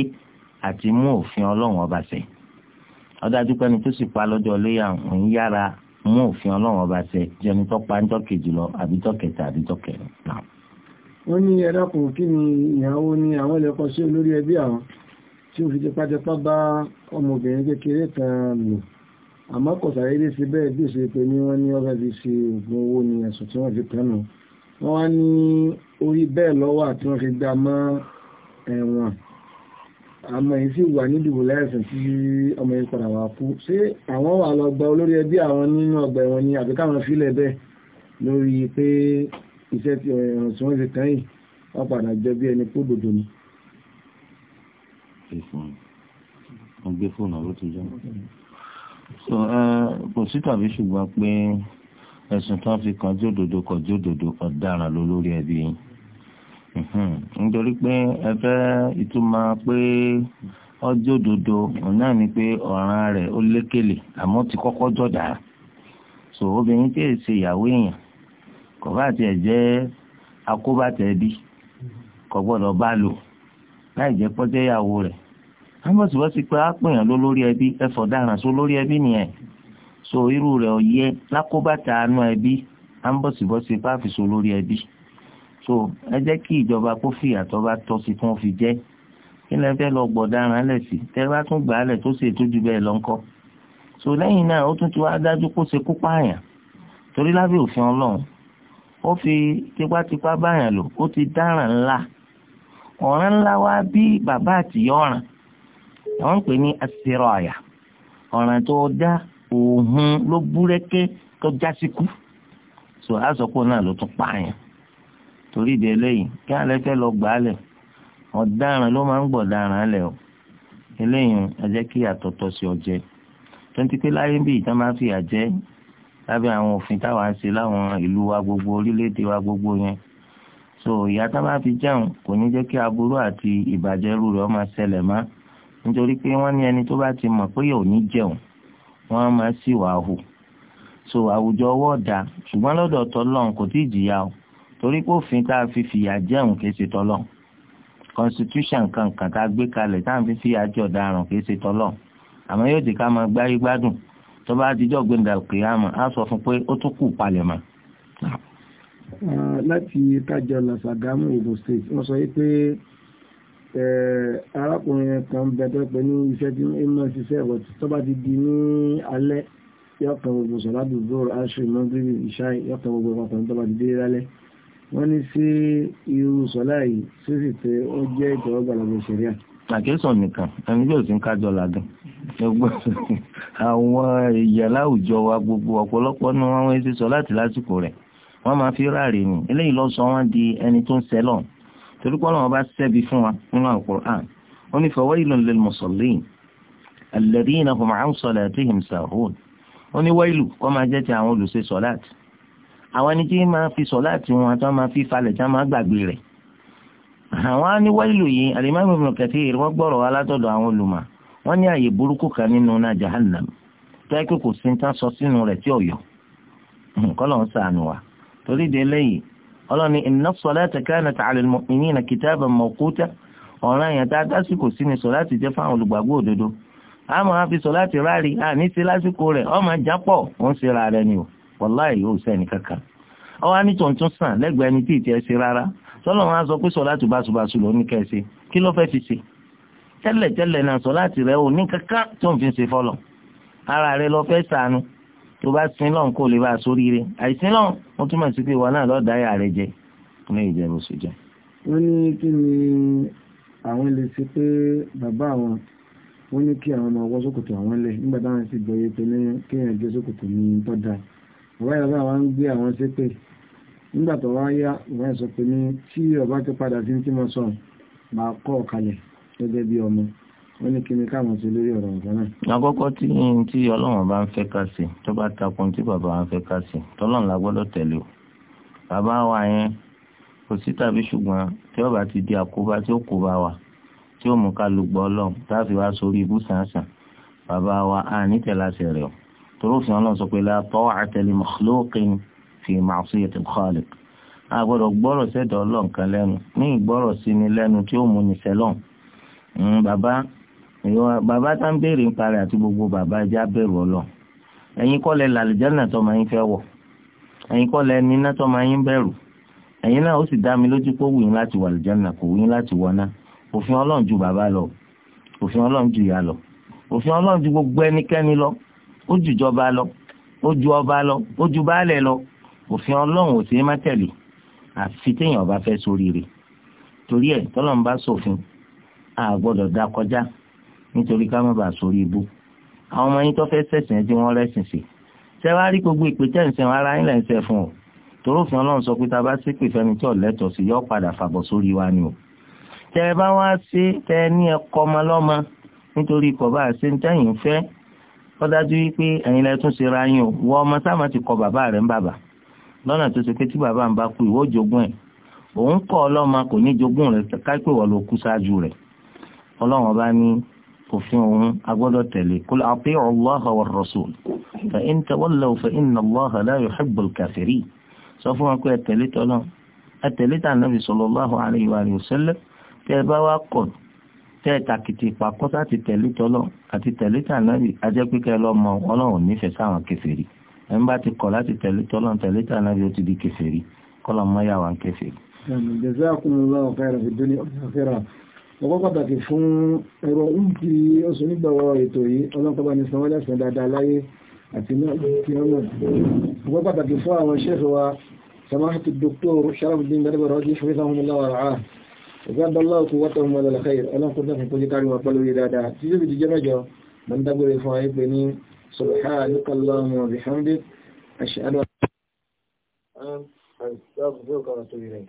S3: àti mú òfin ọlọ́run ọba ṣẹ ọdájú pẹ́ni tó sì pa lọ́jọ́ léyà ń yára mú òfin ọlọ́run ọba ṣẹ jẹni tó pa ń tọ́kè jùlọ àbí tọ́kẹta àbí tọ́kẹrin náà.
S1: wọ́n ní ẹ kí ni ìyàwó ni àwọn ẹlẹ́kọ̀ọ́ sí olórí ẹbí àwọn tí ó fi tipátipá bá ọmọbìnrin kékeré kan lò àmọ́ kò sàrédé sí bẹ́ẹ̀ bí ó ṣe wọ́n ní orí bẹ́ẹ̀ lọ́wọ́ àti wọ́n fi dá mọ́ ẹ̀wọ̀n àmọ́ èyí sì wà nídìbò lẹ́sìn tí ọmọ yìí padà wà kú ṣé àwọn wà lọ gba olórí ẹbí àwọn nínú ọgbà ẹ̀wọ̀n ni àbí káwọn fílẹ̀ bẹ́ẹ̀ lórí pé iṣẹ́ tí ọ̀rọ̀ tí wọ́n ti kàn yìí wọ́n padà jọ bí ẹni kó dòdò ni.
S3: kò sí tàbí ṣùgbọ́n pé ẹ̀sùn tó ń fi kàn jódodo kàn jódodo ọ̀daràn ló lórí ẹbí yín nítorí pé ẹ fẹ́ ìtumọ̀ pé ọjọ́ òdodo òun náà ni pé ọ̀ràn rẹ̀ ó lékele àmọ́ ti kọ́kọ́ jọ̀dá so obìnrin tí èsì ìyàwó èèyàn kò bá tiẹ̀ jẹ́ akóbàtẹ́bí kò gbọ́dọ̀ bá lò láì jẹ́ pọ́jẹ́ ìyàwó rẹ̀ ámọ̀síwọ́sí pé á pèèyàn ló lórí ẹbí ẹ̀fọ́ dáràn só lórí ẹbí nìyẹn so irú rẹ̀ ọ̀yẹ́ lákóbàtà àánú ẹbí à ń bọ̀sibọ́sí páàfìsọ lórí ẹbí so ẹ jẹ́ kí ìjọba kó fìyà tó bá tọ́ sí kí wọ́n fi jẹ́ kí lẹ fẹ́ lọ gbọ̀daràn lẹ̀ sí tẹ́ bá tún gbà á lẹ̀ tó sì tó ju bẹ́ẹ̀ lọ ńkọ́ so lẹ́yìn náà ó tún ti wá dájú kó ṣe kó pààyàn torí lábẹ́ òfin ọlọ́run ó fi tipátipá báyàn lò ó ti dáràn ńlá ọ̀ràn ńlá wá bí bàbá àtìyọ́ ọ̀ràn àwọn ń pè ní asèrò àyà ọ̀ràn tó dá òun ló búrẹ́kẹ́ tó jásíkú so àsọpọ̀ náà ló tún pààyàn torí ìdí eléyìí kí alẹ́ fẹ́ lọ gbà á lẹ̀ ọ̀daràn ló máa ń gbọ̀daràn lẹ̀ o eléyìí ẹ jẹ́ kí àtọ̀tọ̀ sí ọjẹ́ tonti pé láyé bíi ìtàn máa fìyà jẹ́ lábẹ́ àwọn òfin táwa ń ṣe láwọn ìlú wa gbogbo orílẹ̀-èdè wa gbogbo yẹn so ìyá tá bá fi jẹun kò ní jẹ́ kí aburú àti ìbàjẹ́ rú rẹ̀ ó máa ṣẹlẹ̀ má nítorí pé wọ́n ní ẹni tó bá ti mọ̀ pé yóò jẹun wọ́n máa sì wà hù so àwùjọ ọwọ́ da ṣùgbọ́n lọ́dọ̀ tọ́lọ́n kò tí ì jìyà o torí pé òfin tá a fi fìyà jẹun kì í ṣe tọ́lọ́n constitution kankan tá a gbé kalẹ̀ tá a fi fìyà jẹ ọ̀daràn kì í ṣe tọ́lọ́n àmọ́ yóò di ká máa gbáyé gbádùn tó bá dijọ́ gbẹ̀ndà kìyàmù á sọ fún pé ó tún kù palẹ̀mọ́.
S1: láti kájọ làṣàgámù Ogun State wọ́n sọ wípé arákùnrin kan bẹ̀tẹ̀ pé ní iṣẹ́ tí ó mọ́ ṣiṣẹ́ ẹ̀wọ̀ tó bá ti di ní alẹ́ yọ́kan gbogbo sọ̀ládù zoro ashri mọ́gírì ìṣá yọ́kan gbogbo ọkàn tó bá ti dé lálẹ́ wọ́n ní sí irú sọ́lá yìí sí sì pé ó jẹ́ ìtọ́wọ́ gbàlagbà
S3: ṣẹ̀ríà. àkẹ́sọ̀ nìkan ẹni yóò ti ń kájọ làdùn gbogbo àwọn èèyàn láwùjọ wa gbogbo ọ̀pọ̀lọpọ̀ ní wọ́n ń sọ láti lásìkò rẹ̀ wọ́n máa fi ráàrí ni eléyìí lọ sọ di ẹni tó ń sẹ́lọ̀n torí pé ọlọ́run bá ṣẹ́bi fún wa nínú Al-Qur'an ó ní fawailun lil musallin alladhina hum an salatihim sahun ó ní wáìlù kó máa jẹ́ ti àwọn olùṣe sọ̀láàtì àwọn ẹni tí máa fi sọ̀láàtì wọn tó máa fi falẹ̀ tó máa gbàgbé rẹ̀ àwọn á ní wáìlù yìí al-Imam Ibn Kathir wọ́n gbọ́rọ̀ wa àwọn olùmọ̀ wọ́n ní àyè burúkú kan nínú náà jahannam tó kò sí ní tán sọ sínú rẹ̀ tí ọ̀yọ́ kọ́lọ́ ń sàánù wa torí de lẹ́yìn ọlọ́ni inna salata kanat ala al-mu'minina kitaban mawquta ọ̀ràn èèyàn tá a dásìkò sí ni sọ̀láàtì jẹ́ fáwọn olùgbàgbọ́ òdodo a máa fi sọ̀láàtì ráàrí a ní sí lásìkò rẹ̀ ọmọ jápọ̀ ó ń ṣe ra rẹ̀ ni o wàláì yóò sẹ́ni kankan ọwọ́ anítọ̀ tún sàn lẹ́gbẹ̀ẹ́ ẹni tí ì tiẹ̀ ṣe rárá sọ́lọ́ wọn á sọ pé sọ̀láàtì báṣubàṣu ló ní kẹ́ẹ̀ṣe kí ló fẹ́ ti ṣe tẹ́lẹ̀tẹ́lẹ̀ náà sọ̀láàtì rẹ̀ ò ní kankan tó ń fi ṣe fọlọ̀ ara rẹ̀ lọ fẹ́ sànù tó bá sin lọ́n kó lè bá a sórí rẹ àìsín lọ́n ó túmọ̀ sí pé ìwọ náà lọ́ọ́ dáyà rẹ jẹ ní ìjẹun sì jẹ.
S1: wọ́n ní kí ni àwọn lè ṣe pé bàbá àwọn wọ́n ní kí àwọn ọmọ ọwọ́ sókòtò àwọn lẹ̀ nígbà táwọn sì gbọ́ yé pé ní kéèyàn gbé sókòtò ní tọ́da bàbá ìyàbá àwọn ń gbé àwọn ṣépè nígbà tó wá yá ìwọ́n sọ pé ní tí ọba ti padà sí ti mọ̀ sọ̀rọ̀ máa kọ́ ọ̀kalẹ̀ gẹ́gẹ́ bí ọmọ wọ́n ní kí ni káwọn ṣe lórí ọ̀rọ̀ ọ̀gá náà.
S3: àkọ́kọ́ tí yín tí ọlọ́run bá ń fẹ́ ká sí tó bá takun tí bàbá wa ń fẹ́ ká sí tọ́lọ́run la gbọ́dọ̀ tẹ̀lé o bàbá wa yẹn kò sí tàbí ṣùgbọ́n tí ó bá ti di àkóbá tí ó kó bá wa tí ó mú ká lu gbọ́ ọlọ́run tá a wá sórí ibú sàǹsàn bàbá wa a ní tẹ̀láṣẹ rẹ̀ o torí òfin ọlọ́run sọ pé la ta'ata li makhluqin fi ma'siyati al-khaliq a gbọ́dọ̀ gbọ́rọ̀ sẹ́dọ̀ ọlọ́run kan lẹ́nu ní ìgbọ́rọ̀ sí ni lẹ́nu tí ó mú ní sẹ́lọ̀n hmm, bàbá bàbá tá ń béèrè ń parẹ́ àti gbogbo bàbá ẹja bẹ̀rù ọlọ́run ẹ̀yin kọ́ lẹ làlùjánà tó máa ń fẹ́ wọ̀ ẹ̀yin kọ́ lẹ níná tó máa ń bẹ̀rù ẹ̀yin náà ó sì dá mi lójú pé wù yín láti wà lùjánà kò wù yín láti wọná òfin ọlọ́run ju bàbá lọ òfin ọlọ́run ju ìyá lọ òfin ọlọ́run ju gbogbo ẹnikẹ́ni lọ ó ju ìjọba lọ ó ju ọba lọ ó ju baálẹ̀ lọ òfin ọlọ́run ò sí má tẹ̀lé àfi téèyàn bá fẹ́ ṣoríire torí ẹ̀ tọ́lọ́run bá ṣòfin a dá kọjá nítorí ká má bàa sórí ibú àwọn ọmọ yín tó fẹ́ ṣẹ̀sìn ẹjẹ́ wọn rẹ́sìn sí ṣe wá rí gbogbo ìpè tẹ́ ń sẹ́ wọn ara yín lẹ́ ń sẹ́ fún ọ torófin ọlọ́run sọ pé tá a bá ṣépè fẹ́ni tí ọ̀lẹ́tọ̀ sí yọ padà fàbọ̀ sórí wa ni o tẹ ẹ bá wá ṣe tẹ ẹ ní ẹkọ ọmọ lọ́mọ nítorí kọ̀ọ̀bá àṣẹ ń tẹ̀yìn fẹ́ ó dájú wípé ẹ̀yin lẹ́tún ṣe ra yín o wọ ọmọ sáàmà ti kọ bàbá rẹ̀ ń bàbá lọ́nà tó ṣe pé tí bàbá ń bá kú ìwọ jogún ẹ̀ òun kọ́ ọlọ́mọ kò ní jogún rẹ̀ káípẹ́ wọ́n ló kú ṣáájú rẹ̀ ọlọ́run ọba ní òfin òun agbọ́dọ̀ tẹ̀lé kul ati'u Allaha war rasul fa in tawallaw fa inna Allaha la yuhibbul kafirin sọ fún wọn pé ẹ tẹ̀lé tọ́lọ́ ẹ tẹ̀lé tà nàbì sallallahu alayhi wa sallam tẹ́ ẹ bá wá kọ̀ tẹ́ ẹ tàkìtì pàkọ́tà ti tẹ̀lé tọ́lọ́ àti tẹ̀lé tà nàbì ajẹ́ pé kẹ́ ẹ lọ mọ ọlọ́run nífẹ̀ẹ́ sáwọn kèfèrí ẹ̀ ń bá ti kọ̀ láti tẹ̀lé tọ́lọ́ tẹ̀lé tà nàbì ó ti
S1: ọkọ́ pàtàkì fún ẹ̀rọ ń fi oṣù nígbàwọ̀ ètò yìí ọlọ́pàá ní sanwọ́lẹ̀ sàn dáadáa láyé àti náà ti ọmọ ọkọ́ pàtàkì fún àwọn ṣẹ́fẹ́ wa samahatu Dr. الله قوتهم على الخير ألم كنا في كل تاري وقبلوا إدادا تجيب دي من دبر الفائق بني سبحانك اللهم وبحمدك أشهد أن أستغفرك وأتوب إليك